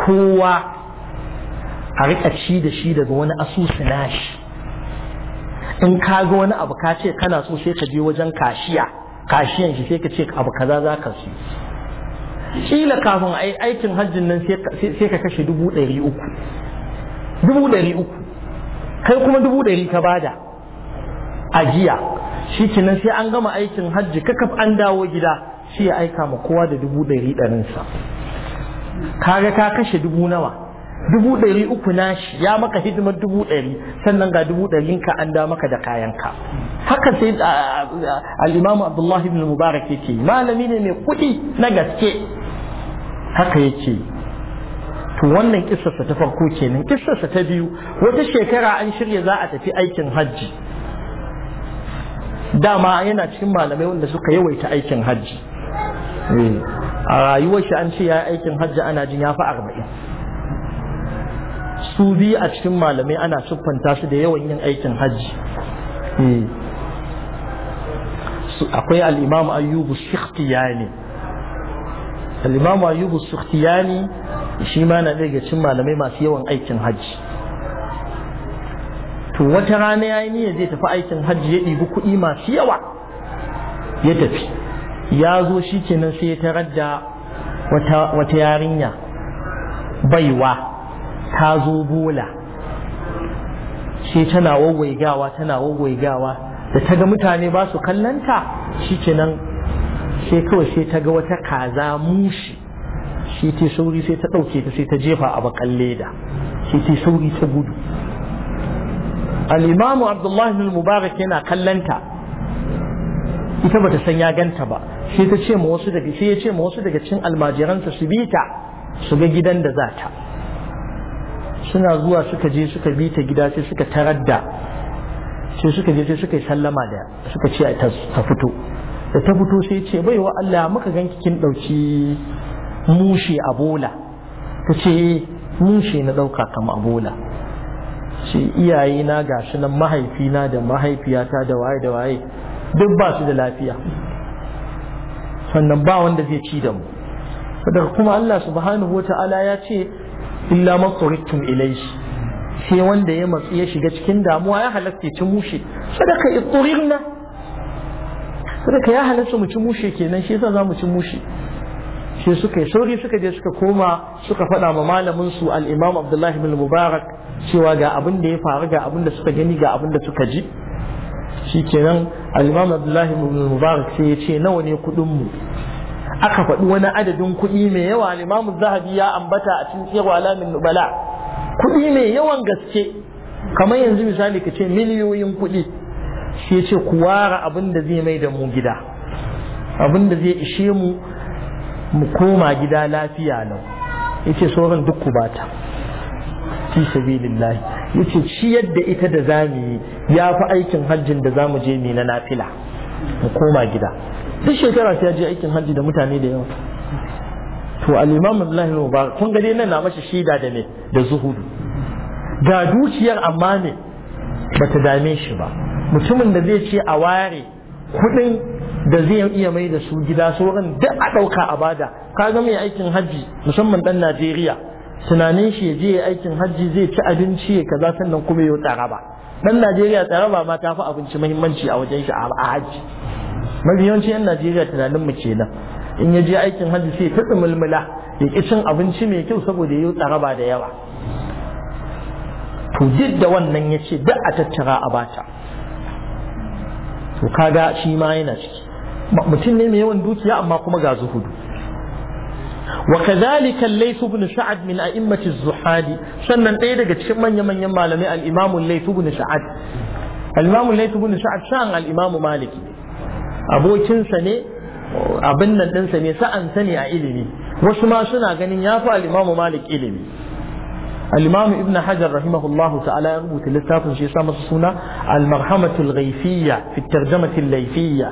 kowa a riƙa ci da shi daga wani asusu nashi in ka ga wani abu ka ce kana so sai ka je wajen kashiya kashiyan shi sai ka ce abu kaza za ka su kila kafin aikin hajjin nan sai ka kashe dubu ɗari uku dubu ɗari uku kai kuma dubu ɗari ka bada jiya shi kenan sai an gama aikin hajji kakaf an dawo gida shi ya aika ma kowa da dubu ɗari ɗarinsa kaga ka kashe dubu nawa dubu ɗari uku nashi ya maka hidimar dubu ɗari sannan ga dubu ɗarinka an da maka da kayanka haka sai al'imamu abdullahi ibn mubarak yake malami ne mai kuɗi na gaske haka yake to wannan kissarsa ta farko kenan kissarsa ta biyu wata shekara an shirya za a tafi aikin hajji dama yana cikin malamai wanda suka yawaita aikin hajji eh, a rayuwar shi an ce ya aikin hajji ana jin ya fi arba'in su biyu a cikin malamai ana siffanta su da yawan yin aikin hajji eh, akwai al'imam ayyubu ne. al-imamu ayyubu shi ma na daga cikin malamai masu yawan aikin hajji to wata rana ya yi niyyar zai tafi aikin hajji ya ɗibi kuɗi masu yawa ya tafi ya zo shi kenan sai ya tarar da wata yarinya baiwa ta zo bola sai tana wawwaigawa tana wawwaigawa da ta ga mutane ba su kallanta shi kenan sai kawai sai ta ga wata kaza mushi shi ta sauri sai ta ɗauke ta sai ta jefa a bakan leda sai ta sauri ta gudu al'imamu abdullahi bin mubarak yana kallanta ita bata san ya ganta ba sai ta ce ma wasu daga sai ya ce ma wasu daga cin almajiransa su bi ta su ga gidan da za ta suna zuwa suka je suka bi ta gida sai suka tarar da sai suka je sai suka yi sallama da suka ce ta fito da ta fito sai ce bai wa Allah muka ganki kin ɗauki mushe a bola ta ce eh, mushe na ɗauka kama a bola ce iyaye na gashi nan mahaifina da mahaifiyata da waye da waye duk ba su da lafiya sannan ba wanda zai ci da mu daga kuma Allah subhanahu wa ya ce illa ilai shi. sai wanda ya matsi ya shiga cikin damuwa ya halatta ya ci mushe sadaka itturirna ka ya halatta mu ci mushe kenan shi yasa za mu ci mushe shi suka sauri suka je suka koma suka faɗa ma malamin su al-Imam Abdullah ibn Mubarak cewa ga abin da ya faru ga abin da suka gani ga abin da suka ji shikenan al-Imam Abdullah ibn Mubarak sai ya ce nawa ne kuɗin mu aka faɗi wani adadin kuɗi mai yawa al-Imam Zahabi ya ambata a cikin Sirru Alamin Nubala kuɗi mai yawan gaske kamar yanzu misali ka ce miliyoyin kuɗi shi ya ce ku ware abin da zai mai da mu gida abin da zai ishe mu mu koma gida lafiya nan ya ce sauran duk ku bata fi sabilillahi ya ce ciyar da ita da za mu yi ya fi aikin hajjin da za mu je ne na nafila mu koma gida duk shekara sai ya je aikin hajji da mutane da yawa to al-imam Abdullahi Mubarak kun ga dai nan na mashi shida da ne da zuhudu ga dukiyar amma ne bata dame shi ba mutumin da zai ce a ware kudin da zai iya mai da su gida sauran duk a ɗauka a bada ka ga mai aikin hajji musamman ɗan najeriya tunanin shi ya je aikin hajji zai ci abinci ya kaza sannan kuma ya tsara ɗan najeriya tsara ma ta fi abinci muhimmanci a wajen shi a hajji mafi yawanci yan najeriya tunanin mu nan in ya je aikin hajji sai ta tsumulmula ya ki cin abinci mai kyau saboda ya tsara da yawa to duk da wannan ya ce duk a tattara a bata to kaga shi ma yana ciki mutum ne mai yawan dukiya amma kuma ga zuhudu wa kadhalika laysu ibn sa'ad min a'immati az sannan dai daga cikin manyan manyan malamai al-imamu ibn sa'ad al-imamu ibn sa'ad shan al-imamu malik abokin sa ne abin nan din sa ne sa'an sa ne a ilimi wasu ma suna ganin yafi al-imamu malik ilimi الإمام ابن حجر رحمه الله تعالى يقول للتاف شيء سامة سنة المرحمة الغيثية في الترجمة الليثية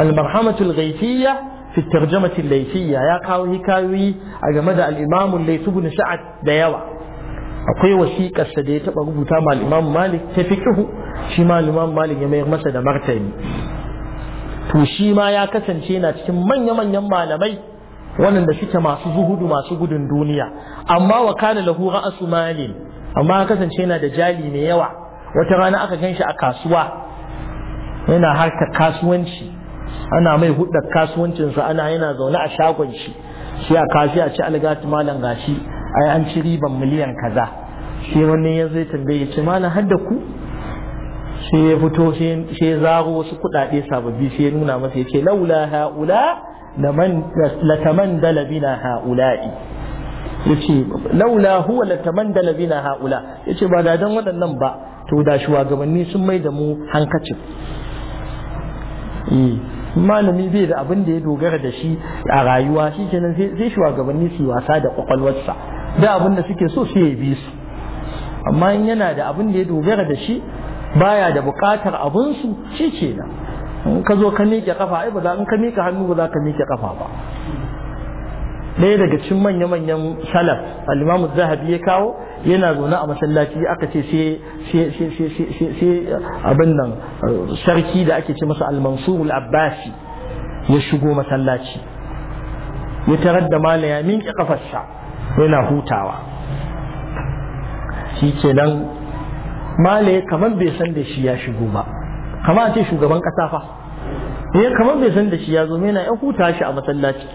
المرحمة الغيثية في الترجمة الليثية يا كاوي كاوي أجمد الإمام اللي بن سعد ديوة أقوي وشيك السديت ya تام الإمام مالك تفكره شما الإمام مالك shi ma Imam Malik ya يا كسن شينا martani to shi ma Wannan da suke masu zuhudu masu gudun duniya amma wa kana lahu ra'su malin amma kasance yana da jali mai yawa wata rana aka ganshi a kasuwa yana harkar kasuwanci ana mai hudda kasuwancinsa ana yana zaune a shagon shi sai a kashi a ci algatu malam gashi ai an ci riban miliyan kaza sai wani ya zai tambaye ya ce malam har da ku sai ya fito sai ya zaro wasu kuɗaɗe sababbi sai ya nuna masa ya ce laula ha'ula لتمندل بنا هؤلاء yace laula huwa tamandala bina ha'ula yace ba da dan waɗannan ba to da shugabanni sun mai da mu hankacin malami bai da abin da ya dogara da shi a rayuwa shi kenan sai shugabanni su wasa da kwakwalwarsa da abin da suke so sai ya bi su amma in yana da abin da ya dogara da shi baya da bukatar abin su shi kenan in ka zo ka miƙe ƙafa, ai ba za ka miƙe hannu ba za ka miƙe ƙafa ba ɗaya daga cikin manya-manyan salaf al-imamu zahabi ya kawo yana zaune a masallaci aka ce sai abin nan sarki da ake ce masa al-mansur abbasi ya shigo masallaci ya tarar da mala ya miƙe ƙafarsa yana hutawa shi kenan mala kamar bai san da shi ya shigo ba kama ce shugaban kasa fa ya kamar bai san da shi ya zo yana ya huta shi a masallaci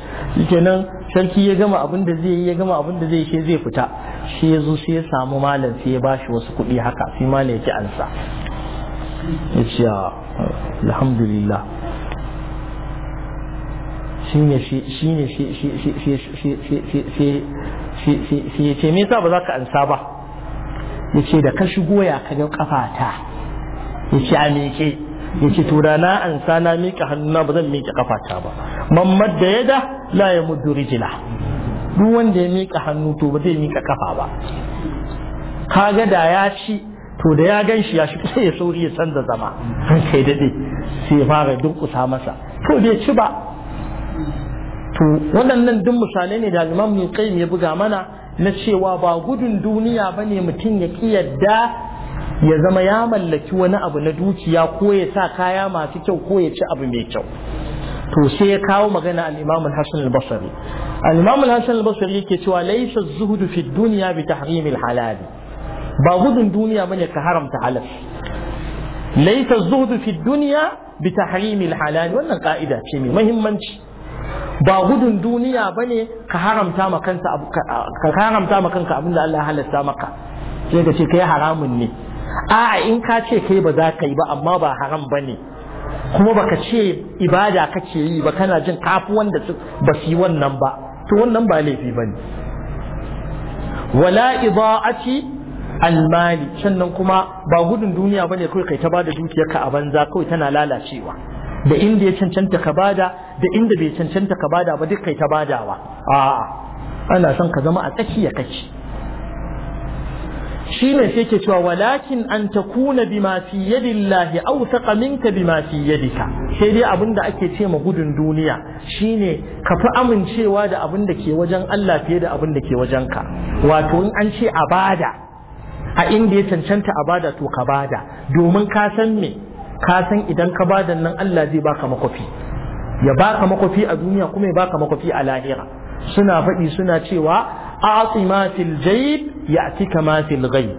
kenan sarki ya gama abin da zai yi ya gama abin da zai shi zai fita shi ya zo sai ya samu malam sai ya bashi wasu kuɗi haka sai malam ya ki ansa ya ce alhamdulillah shi ne shi ne shi ya ce me yasa ba za ka ansa ba ya ce da ka shi shi ka shi kafata yace a miƙe yace to da na ansa na miƙe hannuna ba zan miƙe kafata ba mamad da ya da la ya muddu rijila duk wanda ya miƙa hannu to ba zai miƙa kafa ba kaga da ya ci to da ya gan shi ya shi sai ya sauri ya canza zama kai daɗe sai ya fara durƙusa masa to bai ci ba to waɗannan duk misalai ne da alimam mai kai ya buga mana na cewa ba gudun duniya ba ne mutum ya ƙi yadda ya zama ya mallaki wani abu na dukiya ko ya sa kaya masu kyau ko ya ci abu mai kyau to sai ya kawo magana al-Imam al-Hasan al-Basri al-Imam al-Hasan al-Basri yake cewa laysa zuhdu fi dunya bi tahrim al-halal ba gudun duniya bane ka haramta halal laysa zuhdu fi dunya bi tahrim al-halal wannan ka'ida ce mai muhimmanci ba gudun duniya bane ka haramta ma kanka ka haramta ma kanka abinda Allah ya halasta maka sai ka ce kai haramun ne a'a in ka ce kai ba za ka yi ba amma ba haram ba kuma baka ce ibada kake yi ba kana jin kafu wanda ba su wannan ba to wannan ba laifi ba ne wala ida'ati almali sannan kuma ba gudun duniya bane kawai kai ta bada ka a banza kawai tana lalacewa da inda ya cancanta ka bada da inda bai cancanta ka bada ba duk kai ta badawa a'a ana son ka zama a tsakiya kake Shi ne sai ke cewa walakin an ta takuna bima fi yadillahi au taqa minka bima fi yadika sai dai abinda ake ce ma gudun duniya ne ka fi amincewa da abin da ke wajen Allah fiye da abin da ke wajen ka wato in an ce abada a inda ya cancanta abada to ka bada domin ka san me ka san idan ka bada nan Allah zai baka makwafi ya baka makwafi a duniya kuma ya baka makwafi a lahira suna faɗi suna cewa أعط ما في الجيب يأتيك ما في الغيب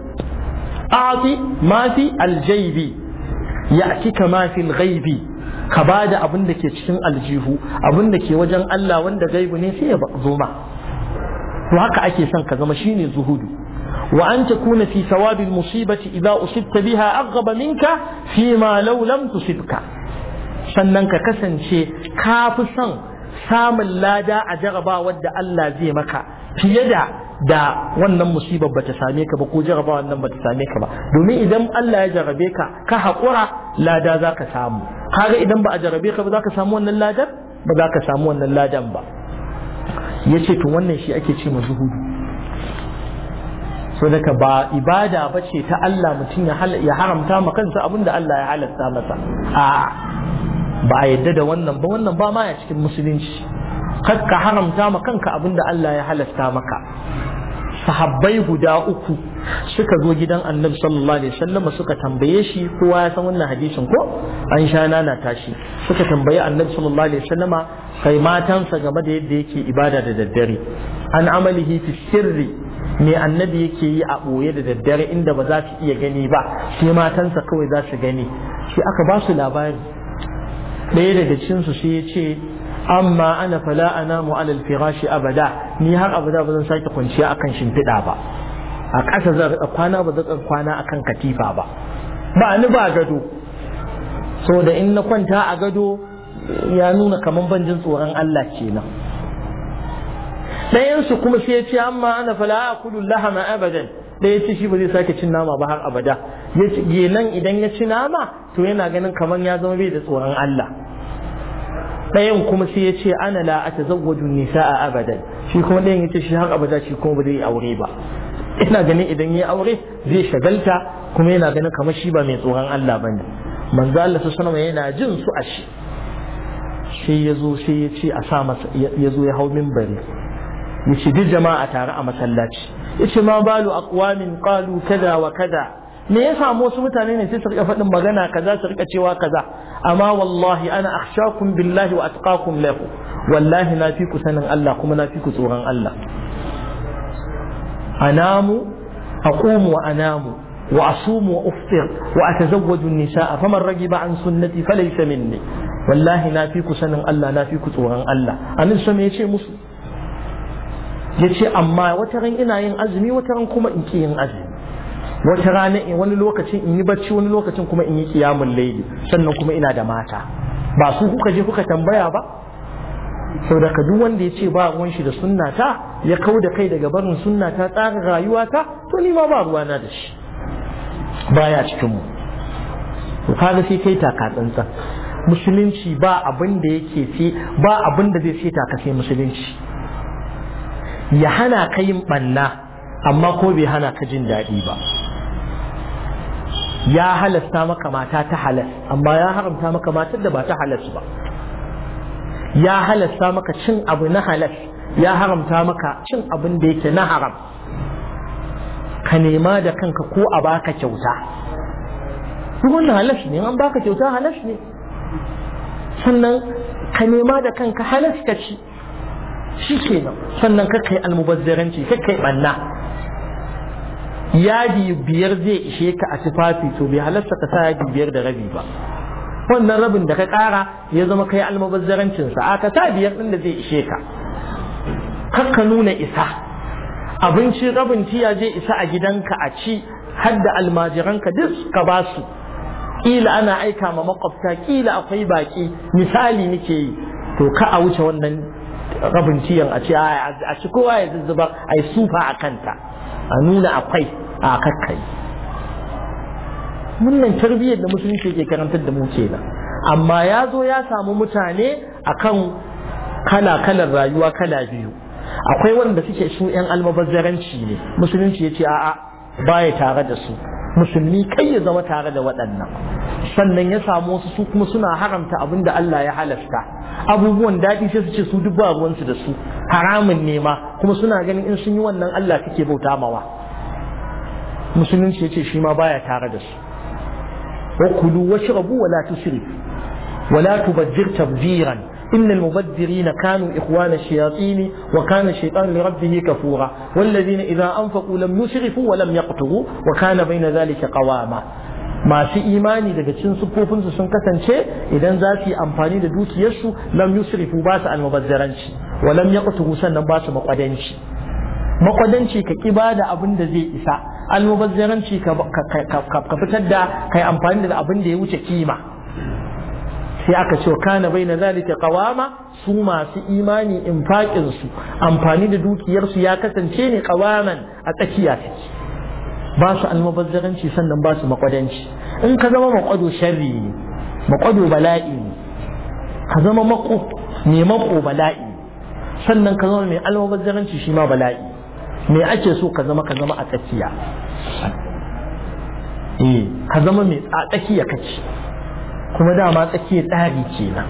أعط ما في الجيب يأتيك ما في الغيب كبادة أبن دك يتشن الجيه أبن يوجن ألا وان دا غيب نيسي يبقزوما وهكا أكي سنك زمشين الزهود وأن تكون في ثواب المصيبة إذا أصبت بها أغب منك فيما لو لم تصبك سننك كسن شيء كافسن samun lada a jarabawar da Allah zai maka fiye da da wannan musibar ta same ka ba ko wannan ba ta same ka ba domin idan Allah ya jarabe ka ka haƙura lada za ka samu kaga idan ba a jarabe ka ba za ka samu wannan ladan ba za ka samu wannan ladan ba ya ce to wannan shi ake ce ma zuhudu so daga ba ibada ba ce ta Allah mutum ya haramta ma kansa abin da Allah ya halasta masa a ba a yadda da wannan ba wannan ba ma ya cikin musulunci ka haramta ma kanka abin da Allah ya halasta maka sahabbai guda uku suka zo gidan annabi sallallahu alaihi wasallam suka tambaye shi kowa ya san wannan hadisin ko an sha nana tashi suka tambaye annabi sallallahu alaihi wasallama kai matansa game da yadda yake ibada da daddare an amalihi fi sirri me annabi yake yi a ɓoye da daddare inda ba za su iya gani ba sai matansa kawai za su gani sai aka ba su labari ɗaya daga cinsu sai ya ce amma ana fala namu alal firashi abada ni har abada ba zan sake kwanciya akan shimfiɗa ba a ƙasa zan riƙa kwana ba zan kwana akan katifa ba ba ni ba gado da in na kwanta a gado ya nuna kamar ban jin tsoron Allah kenan ɗayansu kuma sai ya ce amma ana fala a kudu lahama abadan ɗaya ce shi ba zai sake cin nama ba har abada ya nan idan ya ci nama to yana ganin kamar ya zama bai da tsoron Allah ɗayan kuma sai ya ce ana la nisa a abadan shi kuma ɗayan ya ce shi har abada shi kuma ba zai aure ba ina ganin idan ya aure zai shagalta kuma yana ganin kamar shi ba mai tsoron Allah ba manzo Allah sallallahu yana jin su a sai ya zo sai ya ce a sa ya zo ya hau minbari ya ce duk jama'a tare a masallaci yace ma balu aqwamin qalu kaza wa kaza me ya samu wasu mutane ne sai su rika faɗin magana kaza su rika cewa kaza amma wallahi ana akhshakum billahi wa atqakum lahu wallahi na fi ku sanin Allah kuma na fi ku tsoron Allah anamu aqumu wa anamu wa asumu wa uftir wa atazawwaju an-nisaa faman ragiba an sunnati falaysa minni wallahi na fi ku sanin Allah na fi ku tsoron Allah anin so me yace musu ya ce amma wata ran ina yin azumi wata ran kuma in ke yin azumi wata rana wani lokacin in yi bacci wani lokacin kuma in yi kiyamun laili sannan kuma ina da mata ba su kuka je kuka tambaya ba Sau ka duk wanda ya ce ba ruwan shi da sunnata ya kau da kai daga barin sunnata tsara rayuwata to ni ma ba ruwana da shi baya cikin mu to kaga sai kai taka tsantsan musulunci ba abin da yake ba abin da zai sai taka sai musulunci ya hana ka yin ɓanna amma ko bai hana ka jin daɗi ba ya halasta maka mata ta halas amma ya haramta maka matar da ba ta halas ba ya halasta maka cin abu na halas ya haramta maka cin abin da yake na haram ka nema da kanka ko a baka kyauta duk wannan halas ne an baka kyauta halas ne sannan ka nema da kanka halas ka ci shi ke nan sannan kakai almubazzaranci kakai banna yadi biyar zai ishe ka a tufafi to bai halarta ka sa yadi biyar da rabi ba wannan rabin da ka kara ya zama kai almubazzarancin sa aka ta biyar din da zai ishe ka kakka nuna isa abinci rabin tiya zai isa a gidanka a ci har da almajiranka duk ka ba su kila ana aika ma makwabta kila akwai baki misali nake yi to ka a wuce wannan rabin ciyan a ce a ci kowa ya zuzzuba a yi sufa a kanta a nuna akwai a kakkai wannan tarbiyyar da musulunci ke karantar da mu kenan amma ya zo ya samu mutane a kan kala-kalar rayuwa kala biyu akwai wanda suke su 'yan almabazzaranci ne musulunci ya ce a'a baya tare da su musulmi kai ya zama tare da waɗannan sannan ya samu wasu su kuma suna haramta abin da Allah ya halasta abubuwan daɗi sai su ce su duk ba ruwansu da su haramun ne ma kuma suna ganin in sun yi wannan Allah suke bauta mawa musulunci ya ce shi ma baya tare da su wa kulu washrabu wala tusrif wala tubajjir tabjiran إن المبذرين كانوا إخوان الشياطين وكان الشيطان لربه كفورا والذين إذا أنفقوا لم يسرفوا ولم يقتروا وكان بين ذلك قواما masu imani daga cikin siffofinsu sun kasance idan za su yi amfani da dukiyarsu lam yusrifu ba su almubazzaranci wa lam yaqtuhu sannan ba su makwadanci makwadanci ka kiba da abin da zai isa almubazzaranci ka fitar da kai amfani da abin da ya wuce kima sai aka ce kana baina zalika qawama su masu imani in su amfani da dukiyarsu ya kasance ne qawaman a tsakiya take ba su almubazzaranci sannan ba su makwadanci in ka zama makwado sharri ne makwado bala'i ne ka zama mako ne mako bala'i sannan ka zama mai almubazzaranci shi ma bala'i me ake so ka zama ka zama a tsakiya eh ka zama mai a tsakiya kace kuma dama tsakiyar tsari kenan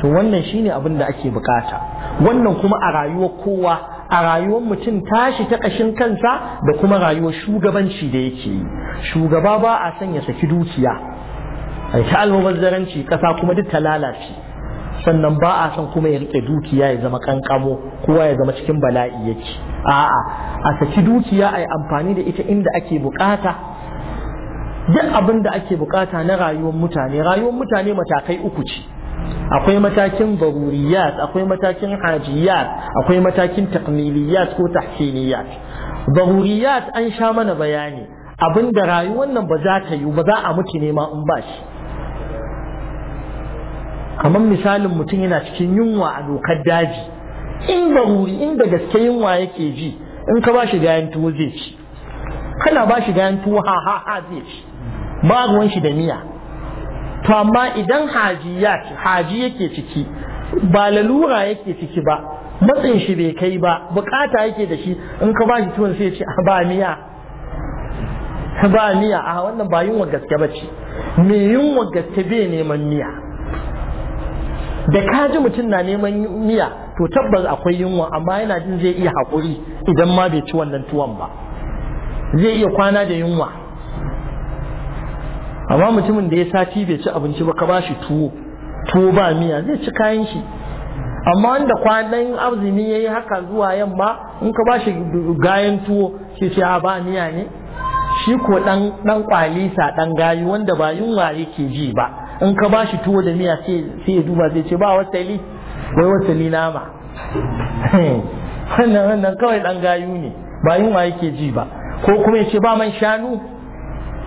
to wannan shine abin da ake bukata wannan kuma a rayuwar kowa a rayuwar mutum tashi ta kashin kansa da kuma rayuwar shugabanci da yake yi shugaba ba a sanya saki dukiya a ta almubazzaranci ƙasa kuma duk ta lalace sannan ba a son kuma ya rike dukiya ya zama ƙanƙamo. kowa ya zama cikin bala'i yake a'a a saki dukiya a yi amfani da ita inda ake bukata duk abin da ake bukata na rayuwar mutane rayuwar mutane matakai uku ce akwai matakin baruriyat akwai matakin hajiyat akwai matakin takmiliyat ko tahsiniyat baruriyat an sha mana bayani abin da rayuwar nan ba za ta yi ba za a mutu ne ma in ba kamar misalin mutum yana cikin yunwa a dokar daji in baruri in da gaske yunwa yake ji in ka ba shi gayan tuwo zai ci kana ba shi gayan tuwo ha ha ha zai ci ba ruwan shi da miya to amma idan haji ya haji yake ciki ba lalura yake ciki ba matsin shi bai kai ba bukata yake da shi in ka bashi tuwon sai ce ah, ba miya ba miya a ah, wannan ba yunwa gaske ba ce me yunwa gaske bai neman miya da ka ji mutum na neman miya to tabbas akwai yunwa amma yana jin zai iya haƙuri idan ma bai ci wannan tuwon ba zai iya kwana da yunwa amma mutumin da ya sati bai ci abinci ba ka ba shi tuwo tuwo ba miya zai ci kayan shi amma wanda kwanan arzumi ya yi haka zuwa yamma in ka ba shi gayan tuwo shi ce a ba miya ne shi ko dan dan kwalisa dan gayu wanda ba yunwa yake ji ba in ka ba shi tuwo da miya sai ya duba zai ce ba wasali wai wasali nama wannan wannan kawai dan gayu ne ba yunwa yake ji ba ko kuma ya ce ba man shanu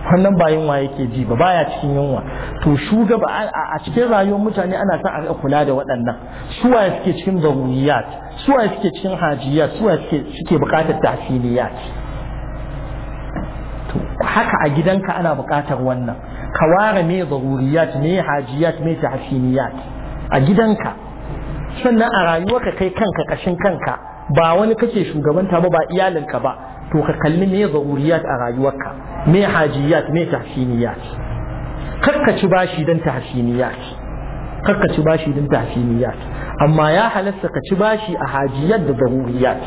wannan ba yunwa yake ji ba baya cikin yunwa to shugaba a cikin rayuwar mutane ana sa a kula da waɗannan ya suke cikin suwa ya suke cikin hajiyat suwa suke suke buƙatar tafiliyat to haka a gidanka ana buƙatar wannan ka ware me zaruriyat me hajiyat me tafiliyat a gidanka sannan a rayuwarka kai kanka kashin kanka ba wani kake shugabanta ba ba iyalinka ba to ka kalli me zaruriyat a rayuwarka me hajiyat me tahsiniyat karka ci bashi don tahsiniyat karka ci bashi don tahsiniyat amma ya halasta ka ci bashi a hajiyat da zaruriyat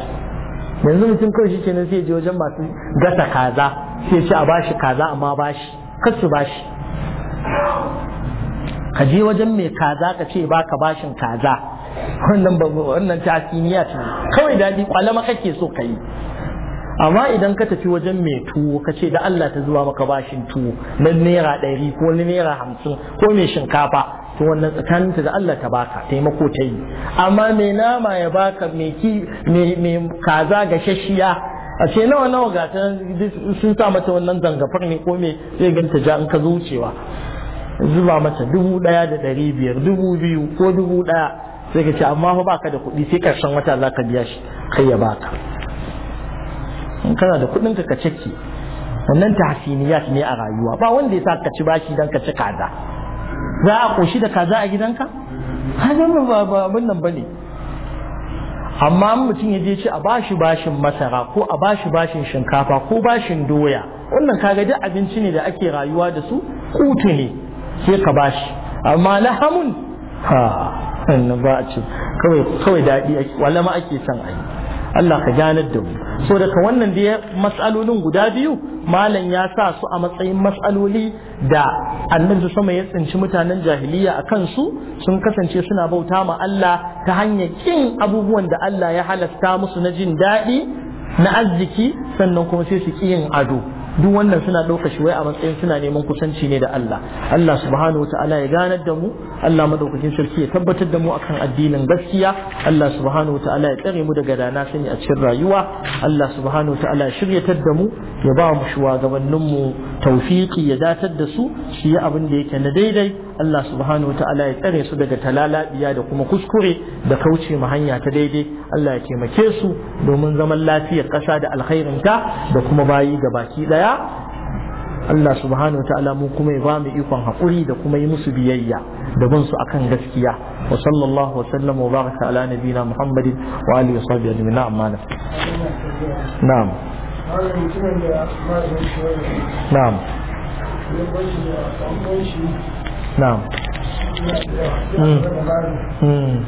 yanzu mutum kawai shi kenan sai je wajen masu gasa kaza sai ci a bashi kaza amma bashi kar su bashi ka je wajen mai kaza ka ce baka bashin kaza wannan wannan tasiniya ce kawai dadi kwalama kake so ka yi amma idan ka tafi wajen mai tuwo ka ce da Allah ta zuwa maka bashin tuwo na naira ɗari ko na naira hamsin ko mai shinkafa to wannan ta da Allah ta baka taimako ta yi amma mai nama ya baka mai kaza shashiya a ce nawa nawa ga ta sun sa mata wannan zangafar ne ko me zai ganta ja in ka zucewa zuba mata dubu ɗaya da ɗari biyar dubu biyu ko dubu ɗaya sai ka ce amma fa baka da kuɗi sai karshen wata za ka biya shi kai ya baka in kana da kuɗinka ka cake wannan tahsiniyat ne a rayuwa ba wanda ya sa ka ci bashi dan ka ci kaza za a koshi da kaza a gidanka hajjan ba ba abin nan bane amma mutum ya je ci a bashi bashin masara ko a bashi bashin shinkafa ko bashin doya wannan kaga duk abinci ne da ake rayuwa da su kutu ne sai ka bashi amma lahamun ha annaba ce kawai kawai daɗi ake, ma ake son yi. Allah ka ganar da mu so daga wannan da matsalolin guda biyu malam ya sa su a matsayin matsaloli da annabi sama ya tsinci mutanen jahiliya a kansu sun kasance suna bauta ma Allah ta hanyar kin abubuwan da Allah ya halasta musu na jin daɗi na arziki sannan kuma sai su ƙi yin ado duk wannan suna ɗauka shi wai a matsayin suna neman kusanci ne da Allah Allah subhanahu wa ta'ala ya ganar da mu Allah madaukakin sarki ya tabbatar da mu akan addinin gaskiya Allah subhanahu wa ta'ala ya tsare mu daga rana sani a cikin rayuwa Allah subhanahu wa ta'ala ya shiryatar da mu ya ba mu shugabannin mu tawfiqi ya datar da su su yi abin da yake na daidai Allah subhanahu wa ta'ala ya tsare su daga talalabiya da kuma kuskure da kauce ma hanya ta daidai Allah ya taimake su domin zaman lafiyar ƙasa da alkhairinta da kuma bayi ga baki ɗaya Allah subhanahu wa ta'ala mu kuma ya ba mu ikon haƙuri da kuma yi musu biyayya da bin su akan gaskiya wa sallallahu wa sallam wa baraka ala nabina muhammadin wa alihi wa sahbihi ajma'in na'am na'am na'am na'am hmm. Hmm. Hmm.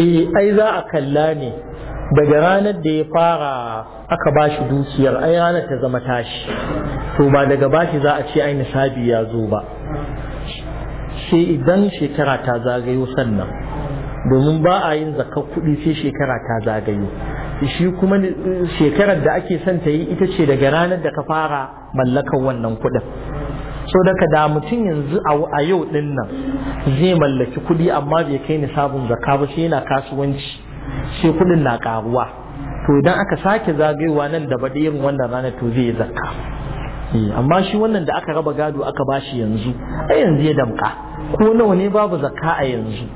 Eh, ai za a kalla ne daga ranar da ya fara aka ba shi dukiyar ai ranar ta zama tashi to ba daga bashi za a ce ai nisabi ya zo ba sai idan shekara ta zagayo sannan domin ba a yin zakar kuɗi sai shekara ta zagayo shi kuma shekarar da ake son ta yi ita ce daga ranar da ka fara mallakar wannan kuɗin so daga da mutum yanzu a yau ɗin nan zai mallaki kuɗi amma bai kai nisabin zakka ba sai yana kasuwanci sai kuɗin na karuwa. to idan aka sake zagayowa nan da baɗi irin wannan ranar to zai yi zakka eh, amma shi wannan da aka raba gado aka bashi yanzu a yanzu ya damƙa ko nawa ne babu zakka a yanzu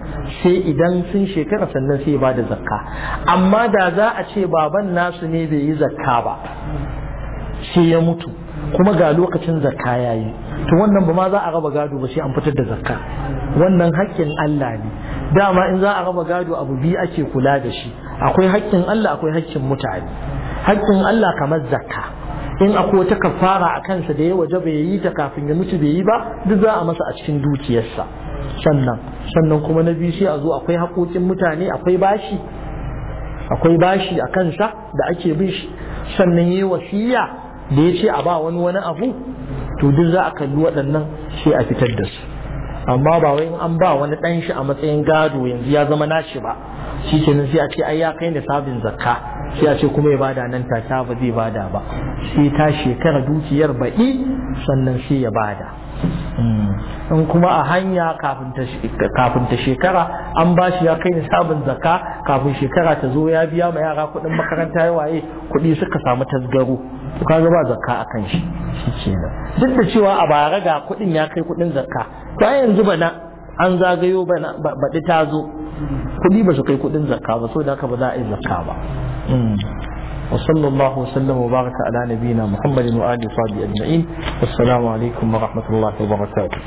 sai idan sun shekara sannan sai ba da zakka amma da za a ce baban nasu ne bai yi zakka ba sai ya mutu kuma ga lokacin zakka ya yi to wannan ba ma za a raba gado ba sai an fitar da zakka wannan haƙƙin Allah ne dama in za a raba gado abu biyu ake kula da shi akwai haƙƙin Allah akwai haƙƙin mutane haƙƙin Allah kamar zakka in akwai wata kafara a kansa da ya waje bai yi ta kafin ya mutu bai yi ba duk za a masa a cikin dukiyarsa sannan sannan kuma na biyu sai a zo akwai haƙoƙin mutane akwai bashi akwai bashi a kansa da ake bin shi sannan yi wasiya da ya ce a ba wani wani abu to duk za a kalli waɗannan sai a fitar da su amma ba wai an ba wani ɗan shi a matsayin gado yanzu ya zama nashi ba shi kenan sai a ce ai ya kai ne sabin zakka sai a ce kuma ya bada nan ta ba zai bada ba sai ta shekara dukiyar baki sannan sai ya bada hmm. in kuma a hanya kafin ta shekara an ba shi ya kai nisabin zaka kafin shekara ta zo ya biya ma yara kuɗin makaranta ya waye kuɗi suka samu tasgaro to kaga ba zakka a kan shi shi duk da cewa a bara ga kuɗin ya kai kuɗin zakka to yanzu bana an zagayo baɗi ta zo kuɗi ba su kai kuɗin zakka ba so da haka ba za a yi zakka ba وصلى الله وسلم وبارك على نبينا محمد وآله وصحبه أجمعين والسلام عليكم ورحمة الله وبركاته